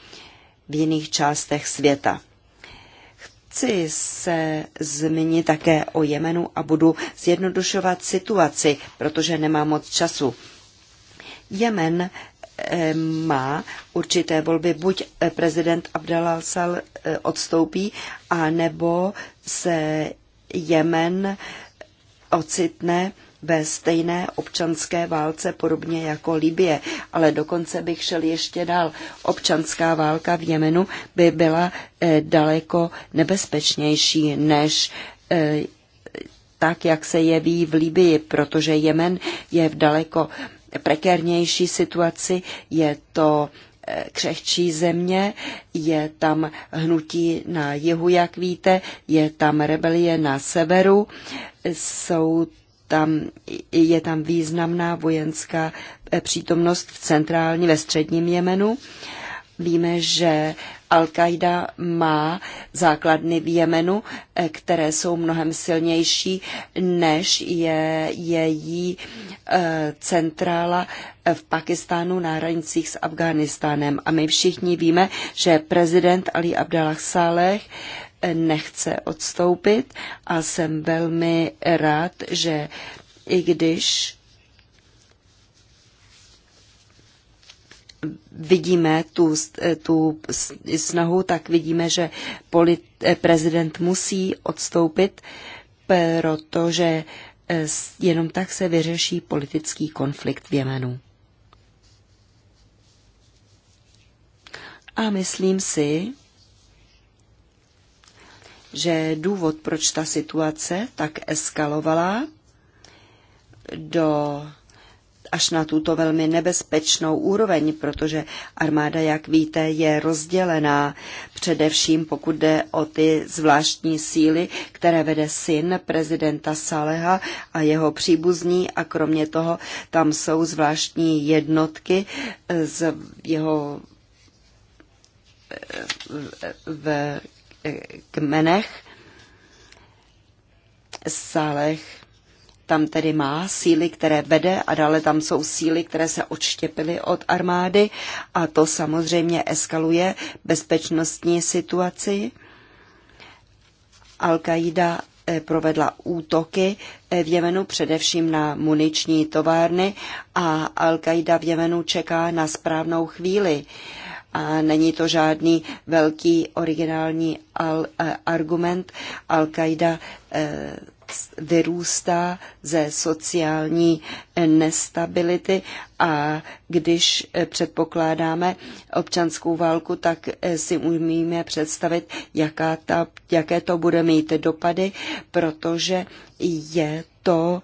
v jiných částech světa. Chci se zmínit také o Jemenu a budu zjednodušovat situaci, protože nemám moc času. Jemen eh, má určité volby, buď eh, prezident Abdallah Sal eh, odstoupí, a nebo se Jemen ocitne ve stejné občanské válce, podobně jako Libie. Ale dokonce bych šel ještě dál. Občanská válka v Jemenu by byla eh, daleko nebezpečnější než eh, tak, jak se jeví v Libii, protože Jemen je v daleko prekérnější situaci, je to eh, křehčí země, je tam hnutí na jihu, jak víte, je tam rebelie na severu, jsou tam, je tam významná vojenská eh, přítomnost v centrální, ve středním Jemenu. Víme, že Al-Qaida má základny v Jemenu, eh, které jsou mnohem silnější, než je její eh, centrála v Pakistánu na hranicích s Afghánistánem. A my všichni víme, že prezident Ali Abdallah Saleh nechce odstoupit a jsem velmi rád, že i když vidíme tu, tu snahu, tak vidíme, že polit, prezident musí odstoupit, protože jenom tak se vyřeší politický konflikt v Jemenu. A myslím si, že důvod, proč ta situace tak eskalovala do až na tuto velmi nebezpečnou úroveň, protože armáda, jak víte, je rozdělená, především pokud jde o ty zvláštní síly, které vede syn prezidenta Saleha a jeho příbuzní a kromě toho tam jsou zvláštní jednotky z jeho v, kmenech, sálech. Tam tedy má síly, které vede a dále tam jsou síly, které se odštěpily od armády a to samozřejmě eskaluje bezpečnostní situaci. Al-Qaida eh, provedla útoky eh, v Jemenu především na muniční továrny a Al-Qaida v Jemenu čeká na správnou chvíli a není to žádný velký originální al, eh, argument. Al-Qaida eh, vyrůstá ze sociální eh, nestability a když předpokládáme občanskou válku, tak si umíme představit, jaká ta, jaké to bude mít dopady, protože je to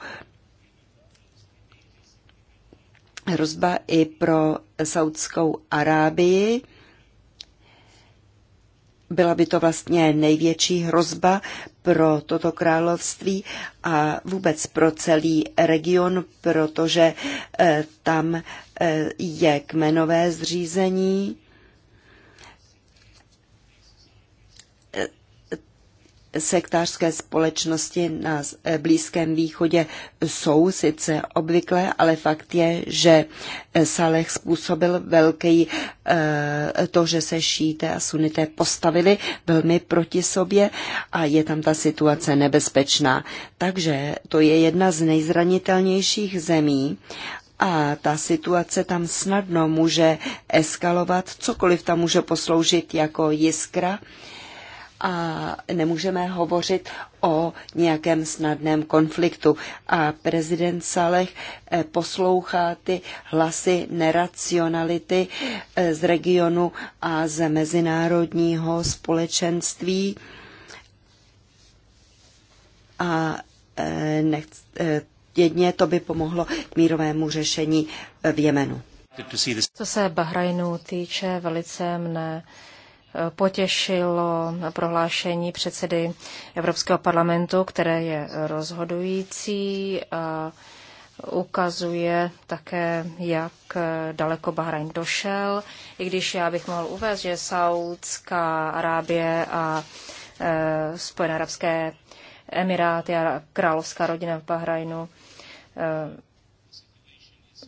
hrozba i pro Saudskou Arábii. Byla by to vlastně největší hrozba pro toto království a vůbec pro celý region, protože eh, tam eh, je kmenové zřízení sektářské společnosti na eh, Blízkém východě jsou sice obvyklé, ale fakt je, že eh, Saleh způsobil velký eh, to, že se šíte a sunité postavili velmi proti sobě a je tam ta situace nebezpečná. Takže to je jedna z nejzranitelnějších zemí a ta situace tam snadno může eskalovat, cokoliv tam může posloužit jako jiskra, a nemůžeme hovořit o nějakém snadném konfliktu. A prezident Saleh eh, poslouchá ty hlasy neracionality eh, z regionu a ze mezinárodního společenství a eh, nechce, jedně to by pomohlo k mírovému řešení v Jemenu. Co se Bahrajnu týče, velice mne potěšilo prohlášení předsedy Evropského parlamentu, které je rozhodující a ukazuje také, jak daleko Bahrajn došel. I když já bych mohl uvést, že Saudská Arábie a e, Spojené arabské Emiráty a královská rodina v Bahrajnu e,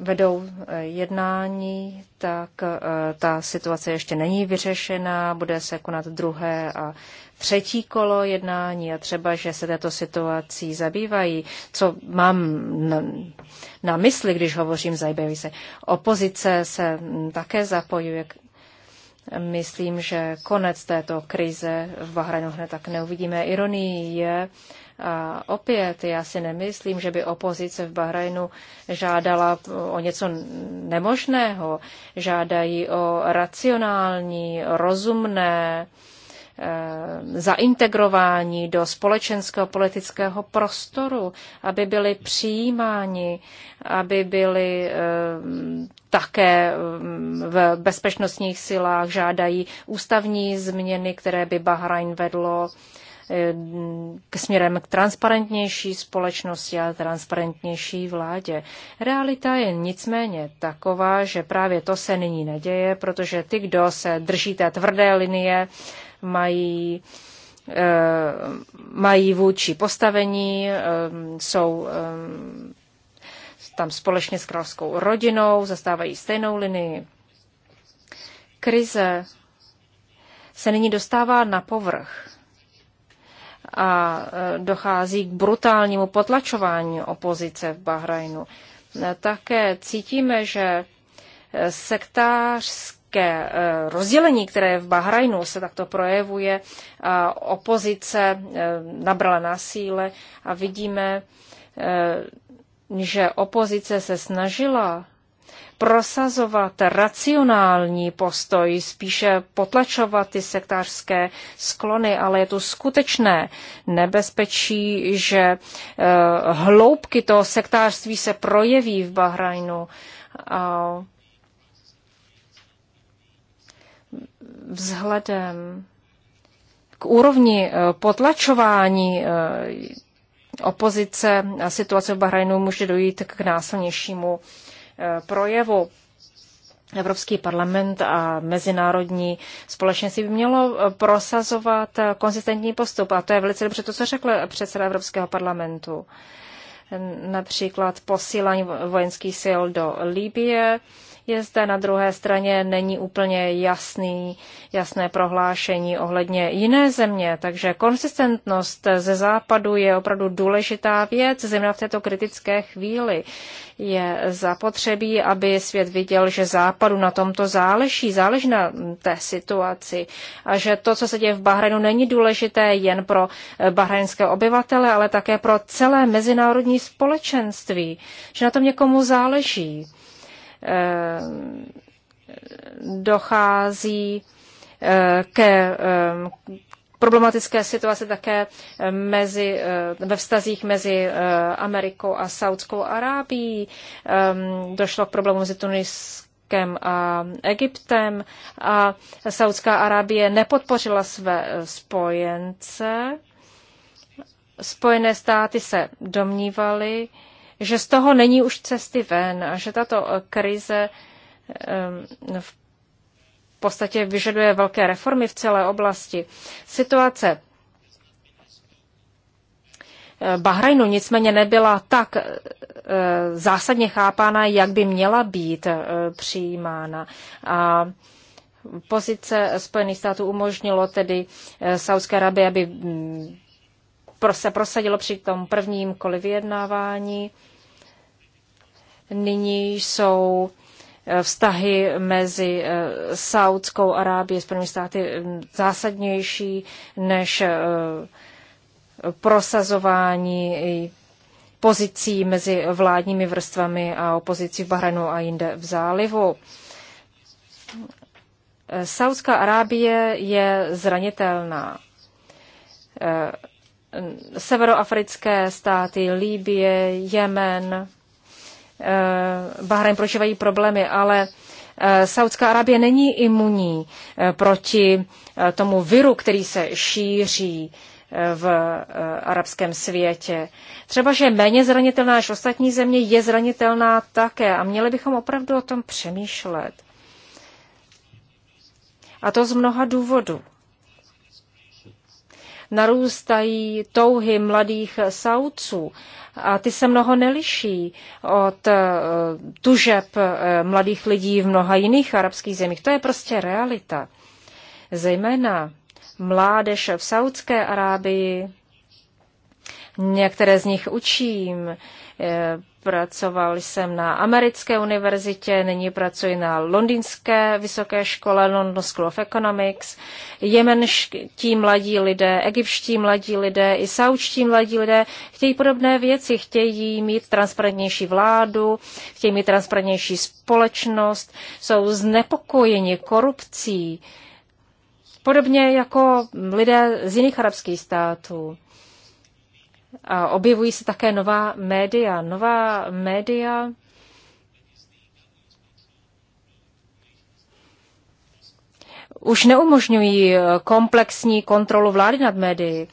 vedou eh, jednání, tak eh, ta situace ještě není vyřešená, bude se konat druhé a třetí kolo jednání a třeba, že se této situací zabývají. Co mám na, na mysli, když hovořím, zajímají se. Opozice se mm, také zapojuje. Myslím, že konec této krize v Bahrajnu hned tak neuvidíme. Ironii je, a opět, já si nemyslím, že by opozice v Bahrajnu žádala o něco nemožného. Žádají o racionální, rozumné eh, zaintegrování do společenského politického prostoru, aby byli přijímáni, aby byli eh, také mm, v bezpečnostních silách, žádají ústavní změny, které by Bahrajn vedlo k eh, směrem k transparentnější společnosti a transparentnější vládě. Realita je nicméně taková, že právě to se nyní neděje, protože ty, kdo se drží té tvrdé linie, mají eh, mají vůči postavení, eh, jsou tam společně s královskou rodinou, zastávají stejnou linii. Krize se nyní dostává na povrch a e, dochází k brutálnímu potlačování opozice v Bahrajnu. E, také cítíme, že e, sektářské rozdělení, které je v Bahrajnu, se takto projevuje. A opozice nabrala na síle a vidíme, že opozice se snažila prosazovat racionální postoj, spíše potlačovat ty sektářské sklony, ale je tu skutečné nebezpečí, že eh, hloubky toho sektářství se projeví v Bahrajnu. vzhledem k úrovni eh, potlačování eh, opozice a situace v Bahrajnu může dojít k násilnějšímu projevu. Evropský parlament a mezinárodní společenství by mělo eh, prosazovat eh, konzistentní postup. A to je velice dobře to, co řekl předseda Evropského parlamentu. Například posílání vojenských sil do Libie, je zde na druhé straně není úplně jasný, jasné prohlášení ohledně jiné země, takže konsistentnost ze západu je opravdu důležitá věc, zejména v této kritické chvíli. Je zapotřebí, aby svět viděl, že západu na tomto záleží, záleží na té situaci a že to, co se děje v Bahrajnu, není důležité jen pro eh, bahrajnské obyvatele, ale také pro celé mezinárodní společenství, že na tom někomu záleží. Eh, dochází eh, ke eh, problematické situace také mezi, ve vztazích mezi Amerikou a Saudskou Arábií. Ehm, došlo k problému mezi Tuniskem a Egyptem a Saudská Arábie nepodpořila své spojence. Spojené státy se domnívaly, že z toho není už cesty ven a že tato eh, krize eh, v podstatě vyžaduje velké reformy v celé oblasti. Situace eh, Bahrajnu nicméně nebyla tak zásadně chápána, jak by měla být přijímána. A pozice Spojených států umožnilo tedy Saudské Arabii, aby mm, se prosadilo při tom prvním koli vyjednávání. Nyní jsou e, vztahy mezi e, Saudskou Arábií a Spojenými státy zásadnější než e, prosazování pozicí mezi vládními vrstvami a opozicí v Bahrajnu a jinde v zálivu. Saudská Arábie je zranitelná severoafrické státy, Líbie, Jemen, eh, Bahrajn prožívají problémy, ale eh, Saudská Arábie není imunní eh, proti tomu viru, který se šíří v arabském světě. Třeba, že méně zranitelná než ostatní země je zranitelná také a měli bychom opravdu o tom přemýšlet. A to z mnoha důvodů narůstají touhy mladých saudců a ty se mnoho neliší od eh, tužeb eh, mladých lidí v mnoha jiných arabských zemích. To je prostě realita. Zejména mládež v Saudské Arábii, některé z nich učím, Eh, pracoval jsem na americké univerzitě, nyní pracuji na londýnské vysoké škole London School of Economics. Jemenští mladí lidé, egyptští mladí lidé i saučtí mladí lidé chtějí podobné věci, chtějí mít transparentnější vládu, chtějí mít transparentnější společnost, jsou znepokojeni korupcí, podobně jako lidé z jiných arabských států. A objevují se také nová média. Nová média už neumožňují komplexní kontrolu vlády nad médií.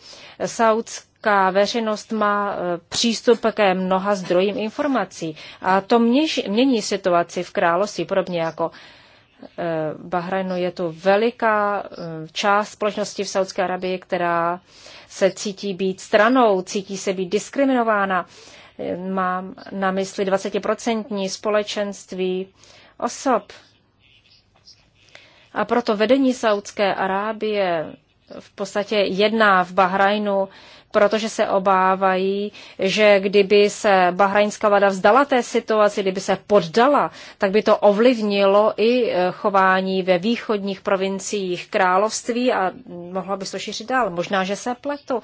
Saudská veřejnost má e, přístup ke mnoha zdrojím informací a to mění situaci v království, podobně jako Eh, Bahrajnu je to veliká eh, část společnosti v Saudské Arabii, která se cítí být stranou, cítí se být diskriminována. Eh, Mám na mysli 20% společenství osob. A proto vedení Saudské Arábie v podstatě jedná v Bahrajnu, protože se obávají, že kdyby se bahrajnská vláda vzdala té situaci, kdyby se poddala, tak by to ovlivnilo i eh, chování ve východních provinciích království a mohlo by se to šířit dál. Možná, že se pletu.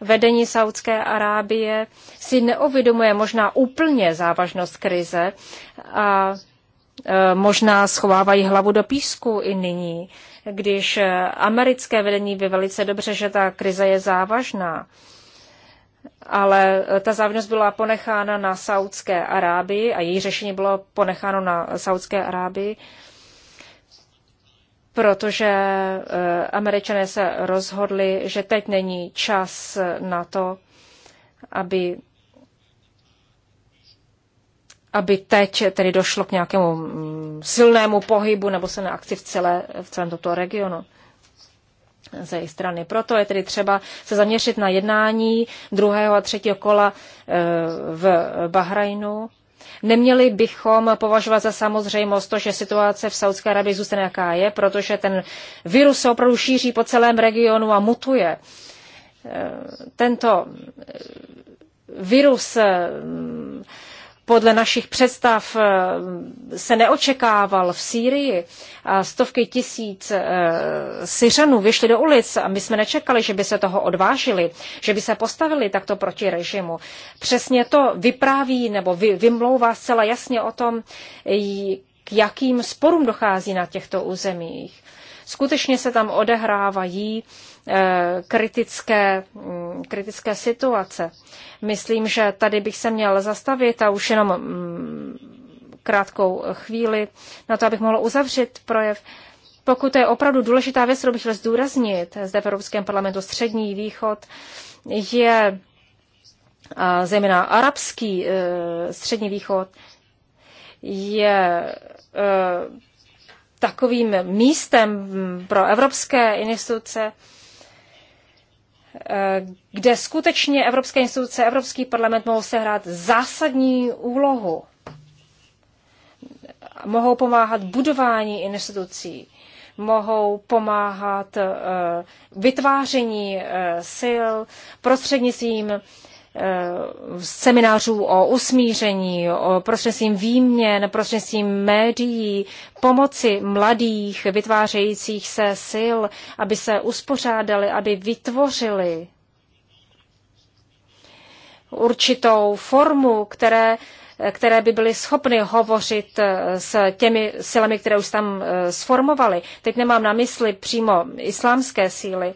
Vedení Saudské Arábie si neuvědomuje možná úplně závažnost krize a eh, možná schovávají hlavu do písku i nyní když americké vedení ví velice dobře, že ta krize je závažná. Ale ta závažnost byla ponechána na Saudské Arábii a její řešení bylo ponecháno na Saudské Arábii, protože eh, američané se rozhodli, že teď není čas na to, aby aby teď tedy došlo k nějakému mm, silnému pohybu nebo na akci v, celé, v celém tomto regionu ze její strany. Proto je tedy třeba se zaměřit na jednání druhého a třetího kola e, v Bahrajnu. Neměli bychom považovat za samozřejmost to, že situace v Saudské Arabii zůstane jaká je, protože ten virus se opravdu šíří po celém regionu a mutuje. E, tento virus mm, podle našich představ eh, se neočekával v Sýrii a stovky tisíc eh, Syřanů vyšly do ulic a my jsme nečekali, že by se toho odvážili, že by se postavili takto proti režimu. Přesně to vypráví nebo vymlouvá zcela jasně o tom, k jakým sporům dochází na těchto územích. Skutečně se tam odehrávají uh, Eh, kritické, mm, kritické situace. Myslím, že tady bych se měl zastavit a už jenom mm, krátkou chvíli na to, abych mohl uzavřít projev. Pokud to je opravdu důležitá věc, kterou bych chtěl zdůraznit zde v Evropském parlamentu Střední východ, je eh, zejména arabský eh, Střední východ, je takovým místem pro evropské instituce, Eh, kde skutečně evropské instituce, Evropský parlament mohou sehrát zásadní úlohu. Mohou pomáhat budování institucí, mohou pomáhat eh, vytváření eh, sil prostřednictvím Eh, seminářů o usmíření, o prostřednictvím výměn, prostřednictvím médií, pomoci mladých vytvářejících se sil, aby se uspořádali, aby vytvořili určitou formu, které, které by byly schopny hovořit eh, s těmi silami, které už tam eh, sformovaly. Teď nemám na mysli přímo islámské síly,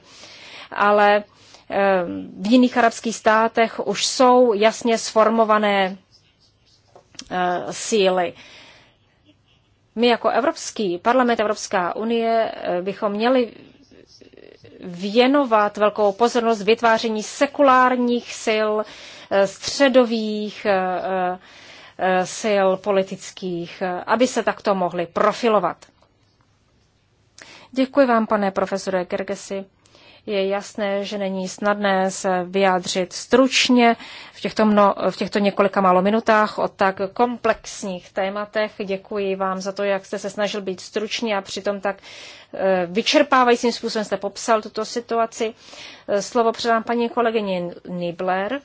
ale Ehm, v jiných arabských státech už jsou jasně sformované eh, síly. My jako Evropský parlament, Evropská unie eh, bychom měli věnovat velkou pozornost vytváření sekulárních sil, eh, středových sil politických, aby se takto mohli profilovat. Děkuji vám, pane profesore Kergesi. Je jasné, že není snadné se vyjádřit stručně v těchto, mno, v těchto několika málo minutách o tak komplexních tématech. Děkuji vám za to, jak jste se snažil být stručný a přitom tak eh, vyčerpávajícím způsobem jste popsal tuto situaci. Eh, slovo předám paní kolegyni Nibler.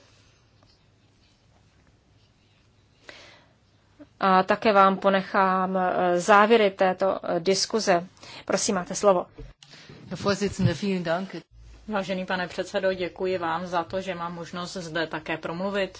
A také vám ponechám eh, závěry této diskuze. Prosím, máte slovo. Vážený pane předsedo, děkuji vám za to, že mám možnost zde také promluvit.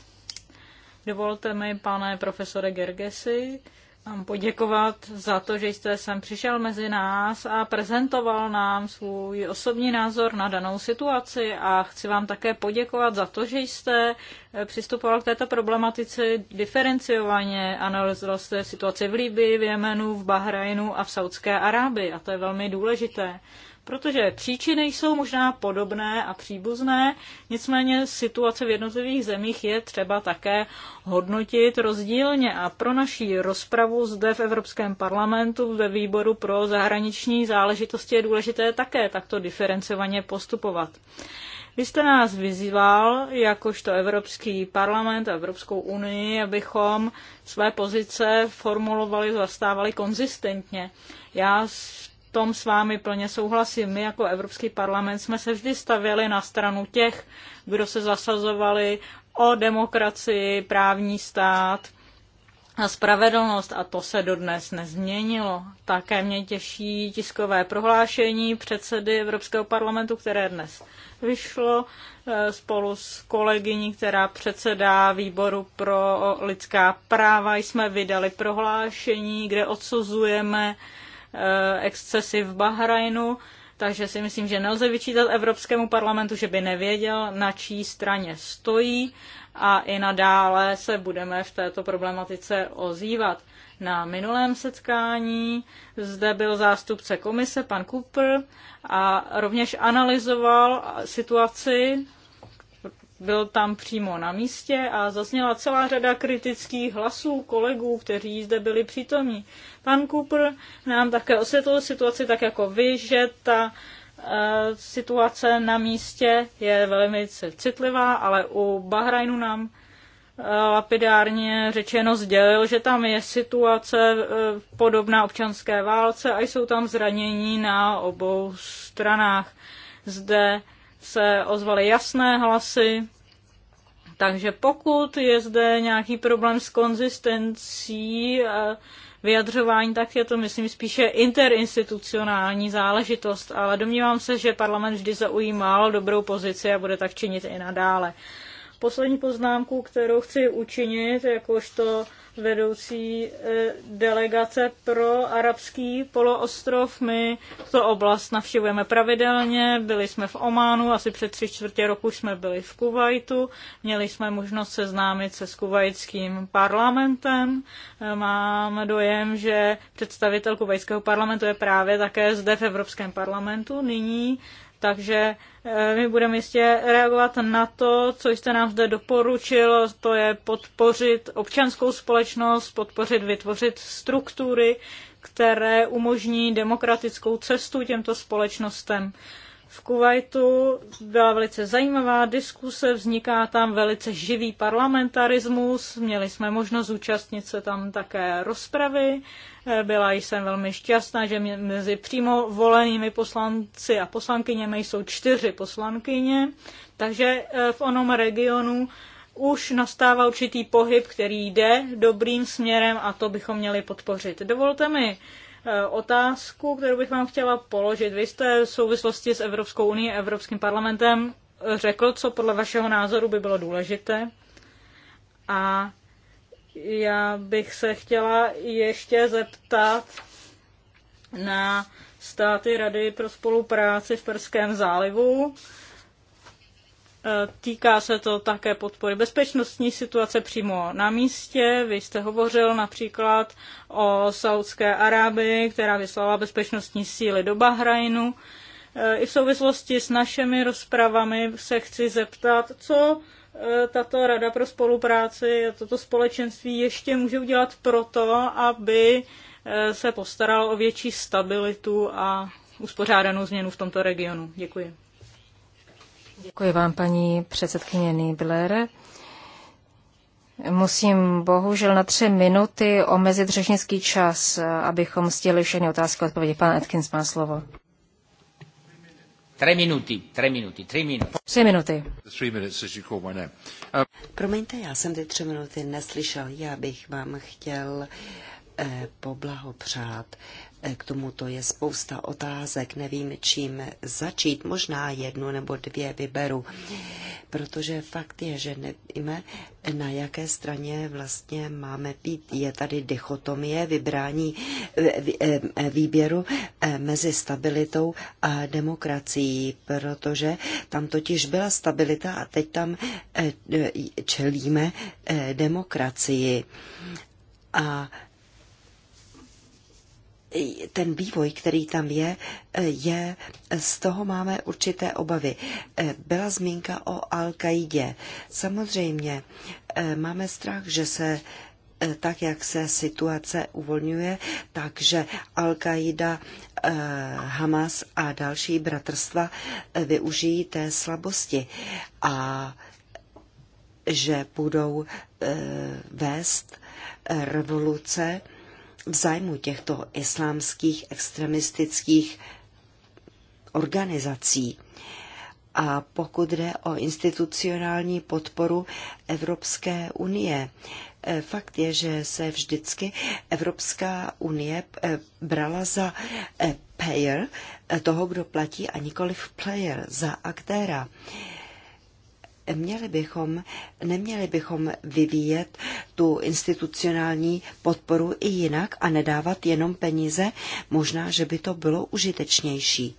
Dovolte mi, pane profesore Gergesi, vám poděkovat za to, že jste sem přišel mezi nás a prezentoval nám svůj osobní názor na danou situaci a chci vám také poděkovat za to, že jste eh, přistupoval k této problematice diferenciovaně, analyzoval jste situaci v Libyi, v Jemenu, v Bahrajnu a v Saudské Arábii a to je velmi důležité protože příčiny jsou možná podobné a příbuzné, nicméně situace v jednotlivých zemích je třeba také hodnotit rozdílně a pro naší rozpravu zde v Evropském parlamentu ve výboru pro zahraniční záležitosti je důležité také takto diferencovaně postupovat. Vy jste nás vyzýval, jakožto Evropský parlament a Evropskou unii, abychom své pozice formulovali, zastávali konzistentně. Já v tom s vámi plně souhlasím. My jako Evropský parlament jsme se vždy stavěli na stranu těch, kdo se zasazovali o demokracii, právní stát a spravedlnost a to se dodnes nezměnilo. Také mě těší tiskové prohlášení předsedy Evropského parlamentu, které dnes vyšlo eh, spolu s kolegyní, která předsedá výboru pro lidská práva. Jsme vydali prohlášení, kde odsuzujeme Eh, excesy v Bahrajnu, takže si myslím, že nelze vyčítat Evropskému parlamentu, že by nevěděl, na čí straně stojí a i nadále se budeme v této problematice ozývat. Na minulém setkání zde byl zástupce komise, pan Cooper, a rovněž analyzoval situaci byl tam přímo na místě a zazněla celá řada kritických hlasů kolegů, kteří zde byli přítomní. Pan Cooper nám také osvětlil situaci tak jako vy, že ta e, situace na místě je velmi citlivá, ale u Bahrajnu nám eh, lapidárně řečeno sdělil, že tam je situace eh, podobná občanské válce a jsou tam zranění na obou stranách. Zde se ozvaly jasné hlasy. Takže pokud je zde nějaký problém s konzistencí eh, vyjadřování, tak je to, myslím, spíše interinstitucionální záležitost, ale domnívám se, že parlament vždy zaujímal dobrou pozici a bude tak činit i nadále. Poslední poznámku, kterou chci učinit, jakožto vedoucí eh, delegace pro arabský poloostrov. My to oblast navštěvujeme pravidelně, byli jsme v Ománu, asi před tři čtvrtě roku jsme byli v Kuwaitu, měli jsme možnost seznámit se s kuvajským parlamentem. Eh, mám dojem, že představitel kuvajského parlamentu je právě také zde v Evropském parlamentu nyní takže eh, my budeme jistě reagovat na to, co jste nám zde doporučil, to je podpořit občanskou společnost, podpořit, vytvořit struktury, které umožní demokratickou cestu těmto společnostem. V Kuwaitu byla velice zajímavá diskuse, vzniká tam velice živý parlamentarismus, měli jsme možnost zúčastnit se tam také rozpravy byla jsem velmi šťastná, že mezi přímo volenými poslanci a poslankyněmi jsou čtyři poslankyně, takže eh, v onom regionu už nastává určitý pohyb, který jde dobrým směrem a to bychom měli podpořit. Dovolte mi eh, otázku, kterou bych vám chtěla položit. Vy jste v souvislosti s Evropskou unii a Evropským parlamentem řekl, co podle vašeho názoru by bylo důležité. A já bych se chtěla ještě zeptat na státy Rady pro spolupráci v Perském zálivu. E, týká se to také podpory bezpečnostní situace přímo na místě. Vy jste hovořil například o Saudské Arábii, která vyslala bezpečnostní síly do Bahrajnu. E, I v souvislosti s našimi rozpravami se chci zeptat, co tato rada pro spolupráci a toto společenství ještě může udělat proto, aby eh, se postaral o větší stabilitu a uspořádanou změnu v tomto regionu. Děkuji. Děkuji vám, paní předsedkyně Nibler. Musím bohužel na tři minuty omezit řečnický čas, abychom stihli všechny otázky odpovědi. Pan Atkins má slovo. Tři minuty, tři minuty, tři minuty. Tři minuty. Uh, uh, Promiňte, já jsem ty tři minuty neslyšel. Já bych vám chtěl eh, poblahopřát k tomuto je spousta otázek, nevím, čím začít, možná jednu nebo dvě vyberu, protože fakt je, že nevíme, na jaké straně vlastně máme být. Je tady dichotomie vybrání e, e, výběru e, mezi stabilitou a demokracií, protože tam totiž byla stabilita a teď tam čelíme demokracii. A ten vývoj, který tam je, eh, je, z toho máme určité obavy. Eh, byla zmínka o Al-Kaidě. Samozřejmě eh, máme strach, že se tak, jak se situace uvolňuje, takže Al-Qaida, Hamas a další bratrstva využijí té slabosti a že budou vést revoluce v zájmu těchto islámských extremistických organizací. A pokud jde o institucionální podporu Evropské unie, eh, fakt je, že se vždycky Evropská unie eh, brala za eh, payer, toho, kdo platí, a nikoli v player, za aktéra. Měli bychom, neměli bychom vyvíjet tu institucionální podporu i jinak a nedávat jenom peníze, možná, že by to bylo užitečnější.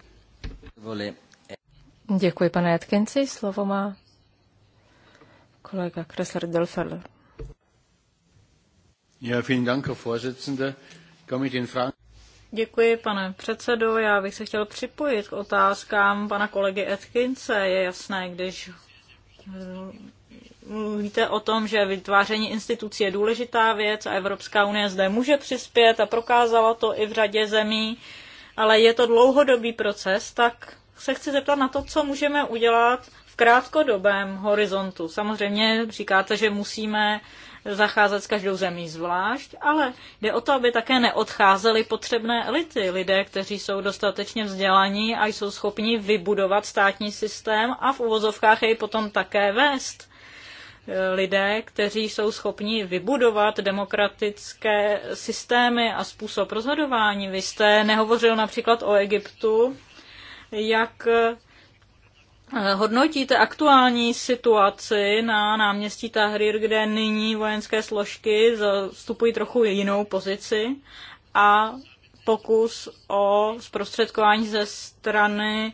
Děkuji, pane Atkinsi. Slovo má kolega Kressler Delfeller. Ja, vielen Dank, Herr Vorsitzender. Kann ich Děkuji, pane předsedo. Já bych se chtěl připojit k otázkám pana kolegy Etkince. Je jasné, když mluvíte o tom, že vytváření institucí je důležitá věc a Evropská unie zde může přispět a prokázala to i v řadě zemí, ale je to dlouhodobý proces, tak se chci zeptat na to, co můžeme udělat v krátkodobém horizontu. Samozřejmě říkáte, že musíme zacházet s každou zemí zvlášť, ale jde o to, aby také neodcházely potřebné elity, lidé, kteří jsou dostatečně vzdělaní a jsou schopni vybudovat státní systém a v uvozovkách jej potom také vést. Lidé, kteří jsou schopni vybudovat demokratické systémy a způsob rozhodování. Vy jste nehovořil například o Egyptu, jak Eh, hodnotíte aktuální situaci na náměstí Tahrir, kde nyní vojenské složky zastupují trochu jinou pozici a pokus o zprostředkování ze strany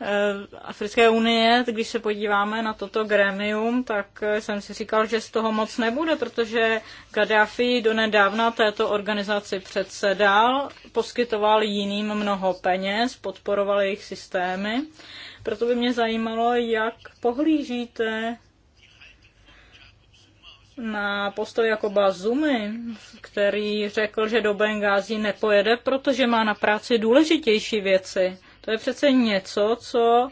Eh, Africké unie, když se podíváme na toto gremium, tak eh, jsem si říkal, že z toho moc nebude, protože Gaddafi donedávna této organizaci předsedal, poskytoval jiným mnoho peněz, podporoval jejich systémy. Proto by mě zajímalo, jak pohlížíte na postoj jako Zumy, který řekl, že do Bengázy nepojede, protože má na práci důležitější věci. To je přece něco, co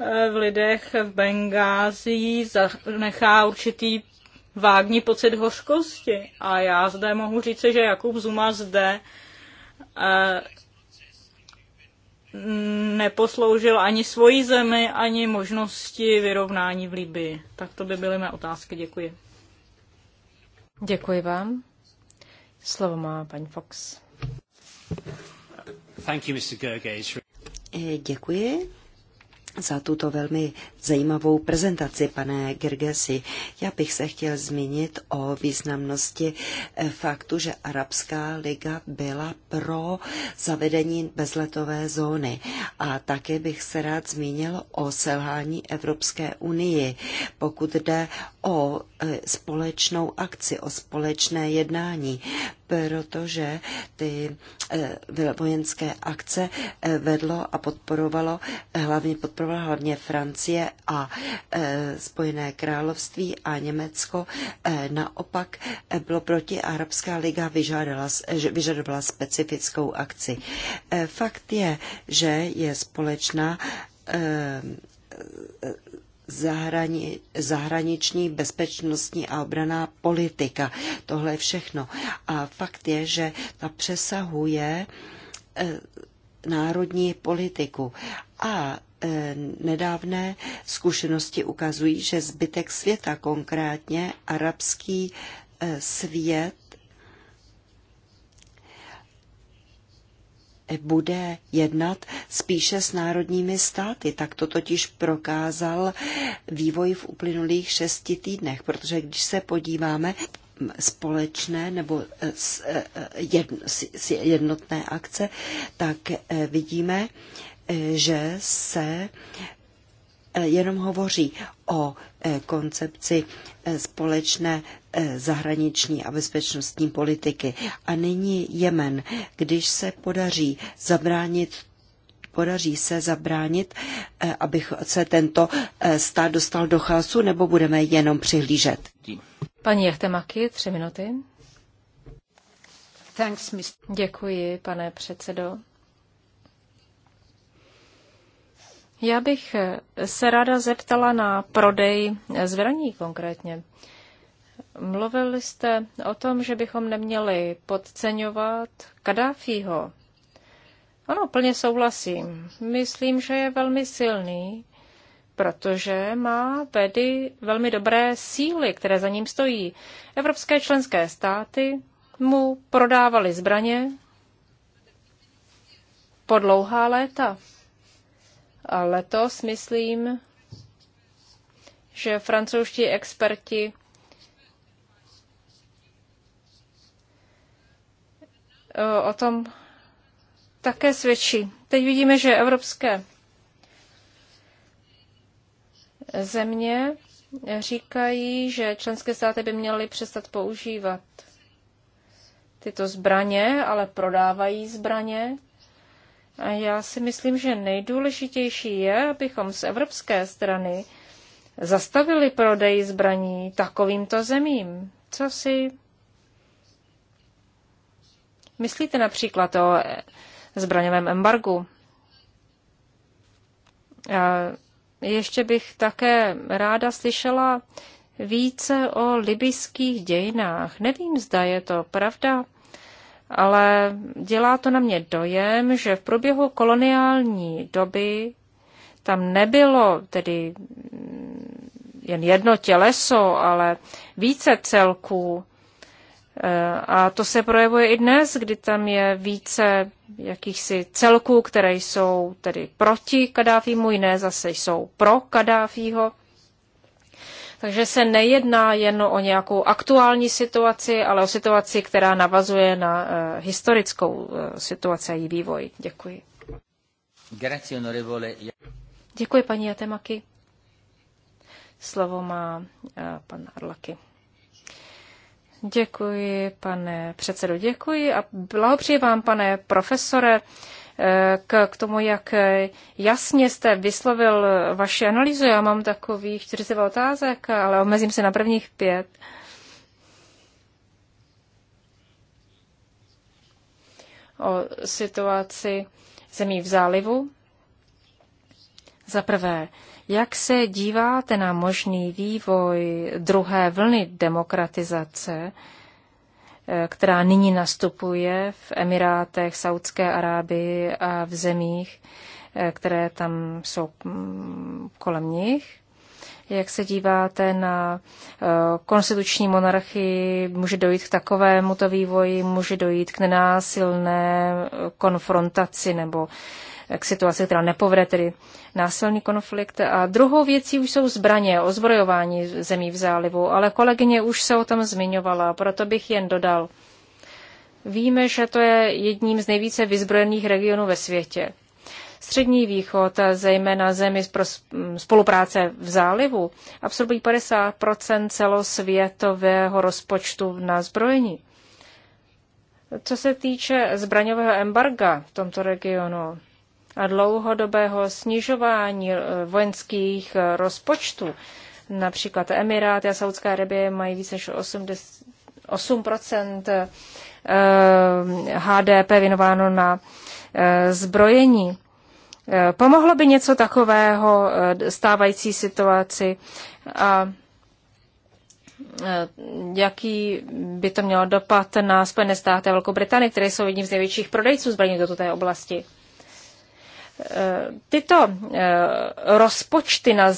eh, v lidech v Bengázii zanechá určitý vágní pocit hořkosti. A já zde mohu říct, že Jakub Zuma zde eh, neposloužil ani svoji zemi, ani možnosti vyrovnání v Libii. Tak to by byly mé otázky. Děkuji. Děkuji vám. Slovo má paní Fox. Thank you, Mr. Děkuji za tuto velmi zajímavou prezentaci, pane Gergesi. Já bych se chtěl zmínit o významnosti eh, faktu, že Arabská liga byla pro zavedení bezletové zóny. A také bych se rád zmínil o selhání Evropské unii, pokud jde o Eh, společnou akci, o společné jednání, protože ty eh, vojenské akce eh, vedlo a podporovalo hlavně podporovalo hlavně Francie a Spojené království a Německo. Naopak bylo proti Arabská liga vyžádala, vyžadovala specifickou akci. Fakt je, že je společná zahrani, zahraniční, bezpečnostní a obraná politika. Tohle je všechno. A fakt je, že ta přesahuje e, národní politiku. A e, nedávné zkušenosti ukazují, že zbytek světa, konkrétně arabský e, svět, bude jednat spíše s národními státy. Tak to totiž prokázal vývoj v uplynulých šesti týdnech, protože když se podíváme společné nebo e, e, e, jednotné akce, tak vidíme, že se Eh, jenom hovoří o eh, koncepci eh, společné zahraniční a bezpečnostní politiky. A nyní Jemen, když se podaří zabránit podaří se zabránit, aby se tento stát dostal do chaosu, nebo budeme jenom přihlížet? Paní Jachtemaky, tři minuty. Děkuji, pane předsedo. Já bych se ráda zeptala na prodej zbraní konkrétně. Mluvili jste o tom, že bychom neměli podceňovat Kadáfího. Ano, plně souhlasím. Myslím, že je velmi silný, protože má vedy velmi dobré síly, které za ním stojí. Evropské členské státy mu prodávaly zbraně po dlouhá léta letos, myslím, že francouzští experti o tom také svědčí. Teď vidíme, že evropské země říkají, že členské státy by měly přestat používat tyto zbraně, ale prodávají zbraně a já si myslím, že nejdůležitější je, abychom z evropské strany zastavili prodej zbraní takovýmto zemím. Co si myslíte například o zbraňovém embargu? A ještě bych také ráda slyšela více o libyských dějinách. Nevím, zda je to pravda, ale dělá to na mě dojem, že v průběhu koloniální doby tam nebylo tedy jen jedno těleso, ale více celků. E, a to se projevuje i dnes, kdy tam je více jakýchsi celků, které jsou tedy proti Kadáfímu, jiné zase jsou pro Kadáfího. Takže se nejedná jen o nějakou aktuální situaci, ale o situaci, která navazuje na eh, historickou eh, situaci a její vývoj. Děkuji. Děkuji, paní Jatemaky. Slovo má eh, pan Arlaky. Děkuji, pane předsedo, děkuji a blahopřeji vám, pane profesore, k, k tomu, jak jasně jste vyslovil vaši analýzu. Já mám takových 40 otázek, ale omezím se na prvních pět. O situaci zemí v zálivu. Za prvé, jak se díváte na možný vývoj druhé vlny demokratizace? která nyní nastupuje v Emirátech, Saudské Arábii a v zemích, eh, které tam jsou mm, kolem nich. Jak se díváte na eh, konstituční monarchii, může dojít k takovému to vývoji, může dojít k nenásilné eh, konfrontaci nebo k situaci, která nepovede tedy násilný konflikt. A druhou věcí už jsou zbraně, ozbrojování zemí v zálivu, ale kolegyně už se o tom zmiňovala, proto bych jen dodal. Víme, že to je jedním z nejvíce vyzbrojených regionů ve světě. Střední východ, a zejména zemi pro spolupráce v zálivu, absorbují 50 celosvětového rozpočtu na zbrojení. Co se týče zbraňového embarga v tomto regionu, a dlouhodobého snižování eh, vojenských eh, rozpočtů. Například Emiráty a Saudská Arabie mají více než 80, 8 HDP věnováno na eh, zbrojení. Pomohlo by něco takového stávající situaci a jaký by to mělo dopad na Spojené státy a Velkou Británii, které jsou jedním z největších prodejců zbraní do té oblasti? Tyto eh, rozpočty na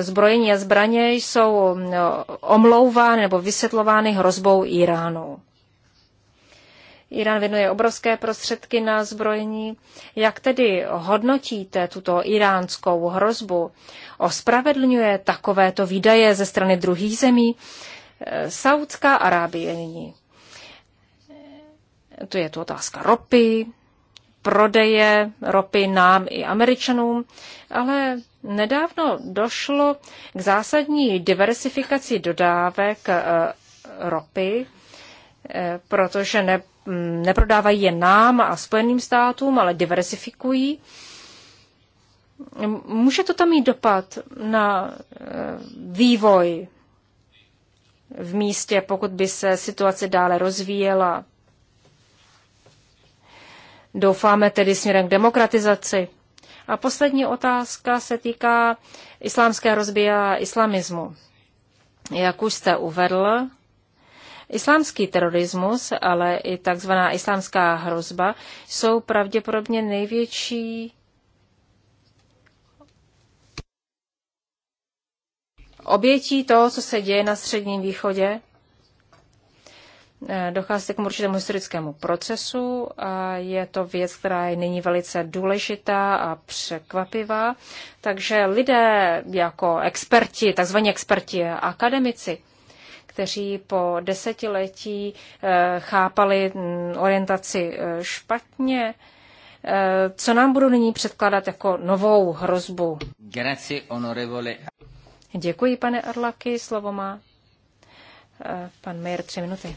zbrojení a zbraně jsou eh, omlouvány nebo vysvětlovány hrozbou Iránu. Irán věnuje obrovské prostředky na zbrojení. Jak tedy hodnotíte tuto iránskou hrozbu? Ospravedlňuje takovéto výdaje ze strany druhých zemí? Eh, Saudská Arábie nyní. To je tu otázka ropy, prodeje ropy nám i američanům, ale nedávno došlo k zásadní diversifikaci dodávek eh, ropy, eh, protože ne, mm, neprodávají je nám a Spojeným státům, ale diversifikují. Může to tam mít dopad na eh, vývoj v místě, pokud by se situace dále rozvíjela Doufáme tedy směrem k demokratizaci. A poslední otázka se týká islámské hrozby a islamismu. Jak už jste uvedl, Islámský terorismus, ale i takzvaná islámská hrozba jsou pravděpodobně největší obětí toho, co se děje na Středním východě Eh, dochází k určitému historickému procesu a je to věc, která je nyní velice důležitá a překvapivá. Takže lidé jako experti, takzvaní experti a akademici, kteří po desetiletí eh, chápali mm, orientaci eh, špatně, co nám budou nyní předkládat jako novou hrozbu? Děkuji, pane Arlaky, slovo má pan Mayer, tři minuty.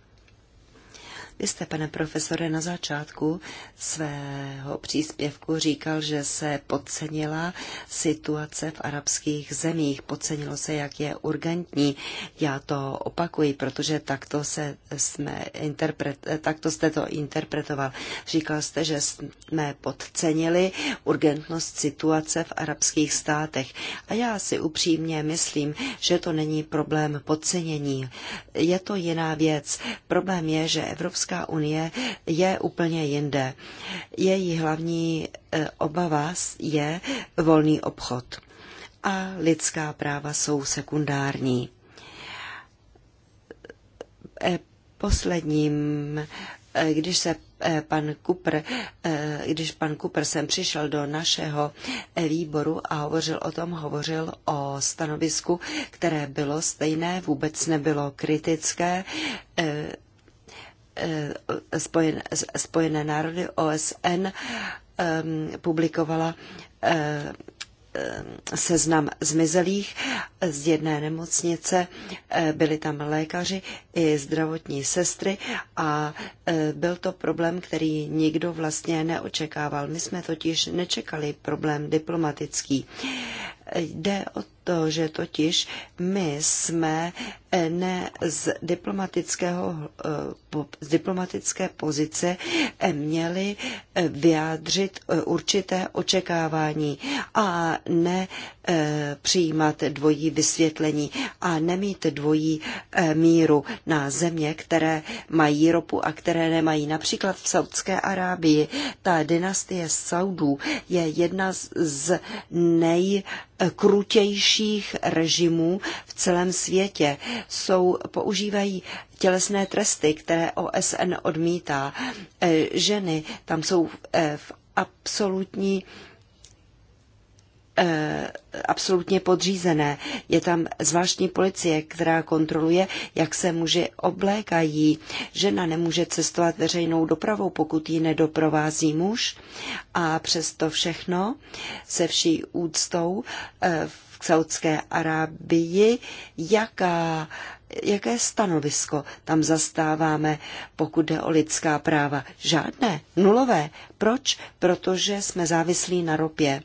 Vy jste, pane profesore, na začátku svého příspěvku říkal, že se podcenila situace v arabských zemích. Podcenilo se, jak je urgentní. Já to opakuji, protože takto, se jsme interpret, takto jste to interpretoval. Říkal jste, že jsme podcenili urgentnost situace v arabských státech. A já si upřímně myslím, že to není problém podcenění. Je to jiná věc. Problém je, že Evropská Evropská unie je úplně jinde. Její hlavní e, obava je volný obchod a lidská práva jsou sekundární. E, posledním, e, když se pan Kupr, když pan Kupr sem přišel do našeho výboru a hovořil o tom, hovořil o stanovisku, které bylo stejné, vůbec nebylo kritické, Eh, Spojené, Spojené národy OSN eh, publikovala eh, seznam zmizelých z jedné nemocnice. Byli tam lékaři i zdravotní sestry a byl to problém, který nikdo vlastně neočekával. My jsme totiž nečekali problém diplomatický. Jde o to, že totiž my jsme eh, ne z, diplomatického, eh, z diplomatické pozice eh, měli vyjádřit určité očekávání a ne přijímat dvojí vysvětlení a nemít dvojí míru na země, které mají ropu a které nemají. Například v Saudské Arábii ta dynastie Saudů je jedna z nej krutějších režimů v celém světě. Jsou, používají tělesné tresty, které OSN odmítá. E, ženy tam jsou e, v absolutní Eh, absolutně podřízené. Je tam zvláštní policie, která kontroluje, jak se muži oblékají. Žena nemůže cestovat veřejnou dopravou, pokud ji nedoprovází muž. A přesto všechno se vší úctou eh, v Saudské Arábii, jaká jaké stanovisko tam zastáváme, pokud jde o lidská práva? Žádné, nulové. Proč? Protože jsme závislí na ropě.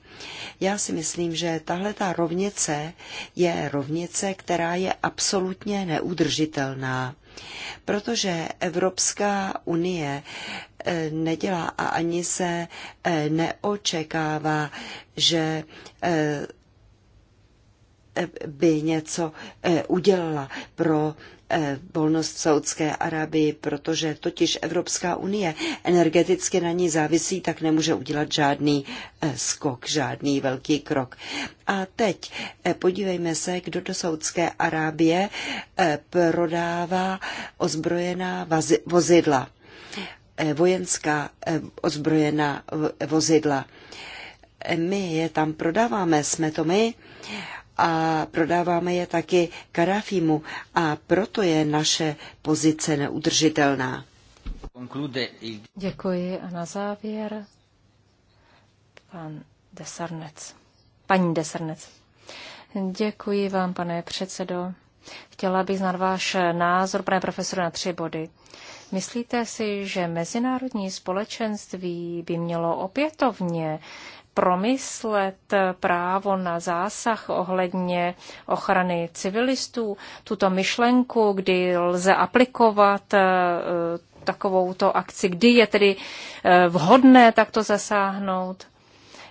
Já si myslím, že tahle ta rovnice je rovnice, která je absolutně neudržitelná. Protože Evropská unie eh, nedělá a ani se eh, neočekává, že eh, by něco eh, udělala pro eh, volnost v Saudské Arábii, protože totiž Evropská unie energeticky na ní závisí, tak nemůže udělat žádný eh, skok, žádný velký krok. A teď podívejme se, kdo do Saudské Arábie prodává ozbrojená vozidla, vojenská ozbrojená vozidla. My je tam prodáváme, jsme to my a prodáváme je taky Karafimu a proto je naše pozice neudržitelná. Děkuji a na závěr pan Desarnec. Paní Desarnec. Děkuji vám, pane předsedo. Chtěla bych znát váš názor, pane profesore, na tři body. Myslíte si, že mezinárodní společenství by mělo opětovně promyslet právo na zásah ohledně ochrany civilistů, tuto myšlenku, kdy lze aplikovat eh, takovouto akci, kdy je tedy eh, vhodné takto zasáhnout?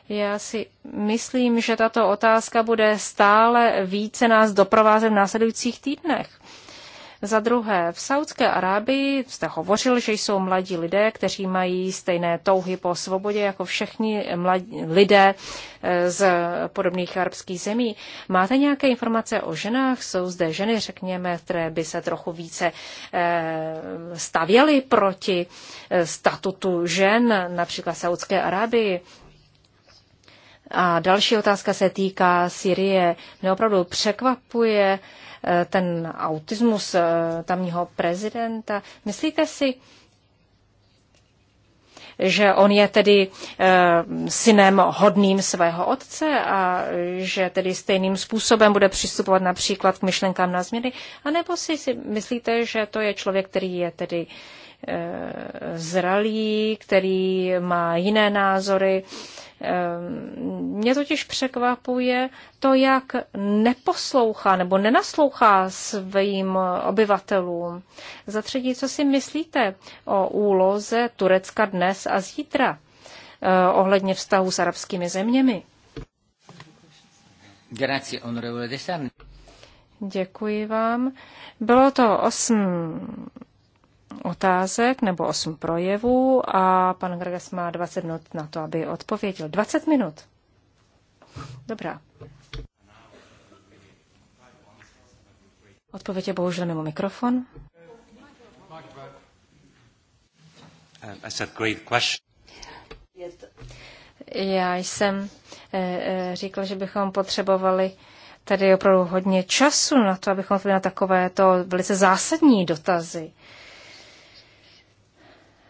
Já si myslím, že tato otázka bude stále více nás doprovázet v následujících týdnech. Za druhé, v Saudské Arábii jste hovořil, že jsou mladí lidé, kteří mají stejné touhy po svobodě jako všichni mladí lidé eh, z podobných arabských zemí. Máte nějaké informace o ženách? Jsou zde ženy, řekněme, které by se trochu více eh, stavěly proti eh, statutu žen, například Saudské Arábii? A další otázka se týká Syrie. Mě opravdu překvapuje, Eh, ten autismus eh, tamního prezidenta. Myslíte si, že on je tedy eh, synem hodným svého otce a že tedy stejným způsobem bude přistupovat například k myšlenkám na změny? A nebo si, si myslíte, že to je člověk, který je tedy zralý, který má jiné názory, Ehm, mě totiž překvapuje to, jak neposlouchá nebo nenaslouchá svým obyvatelům. Za třetí, co si myslíte o úloze Turecka dnes a zítra eh, ohledně vztahu s arabskými zeměmi? Děkuji vám. Bylo to osm otázek nebo osm projevů a pan Gregas má 20 minut na to, aby odpověděl. 20 minut. Dobrá. Odpověď je bohužel mimo mikrofon. Uh, Já jsem eh, eh, říkal, že bychom potřebovali tady opravdu hodně času na to, abychom odpověděli na takovéto velice zásadní dotazy.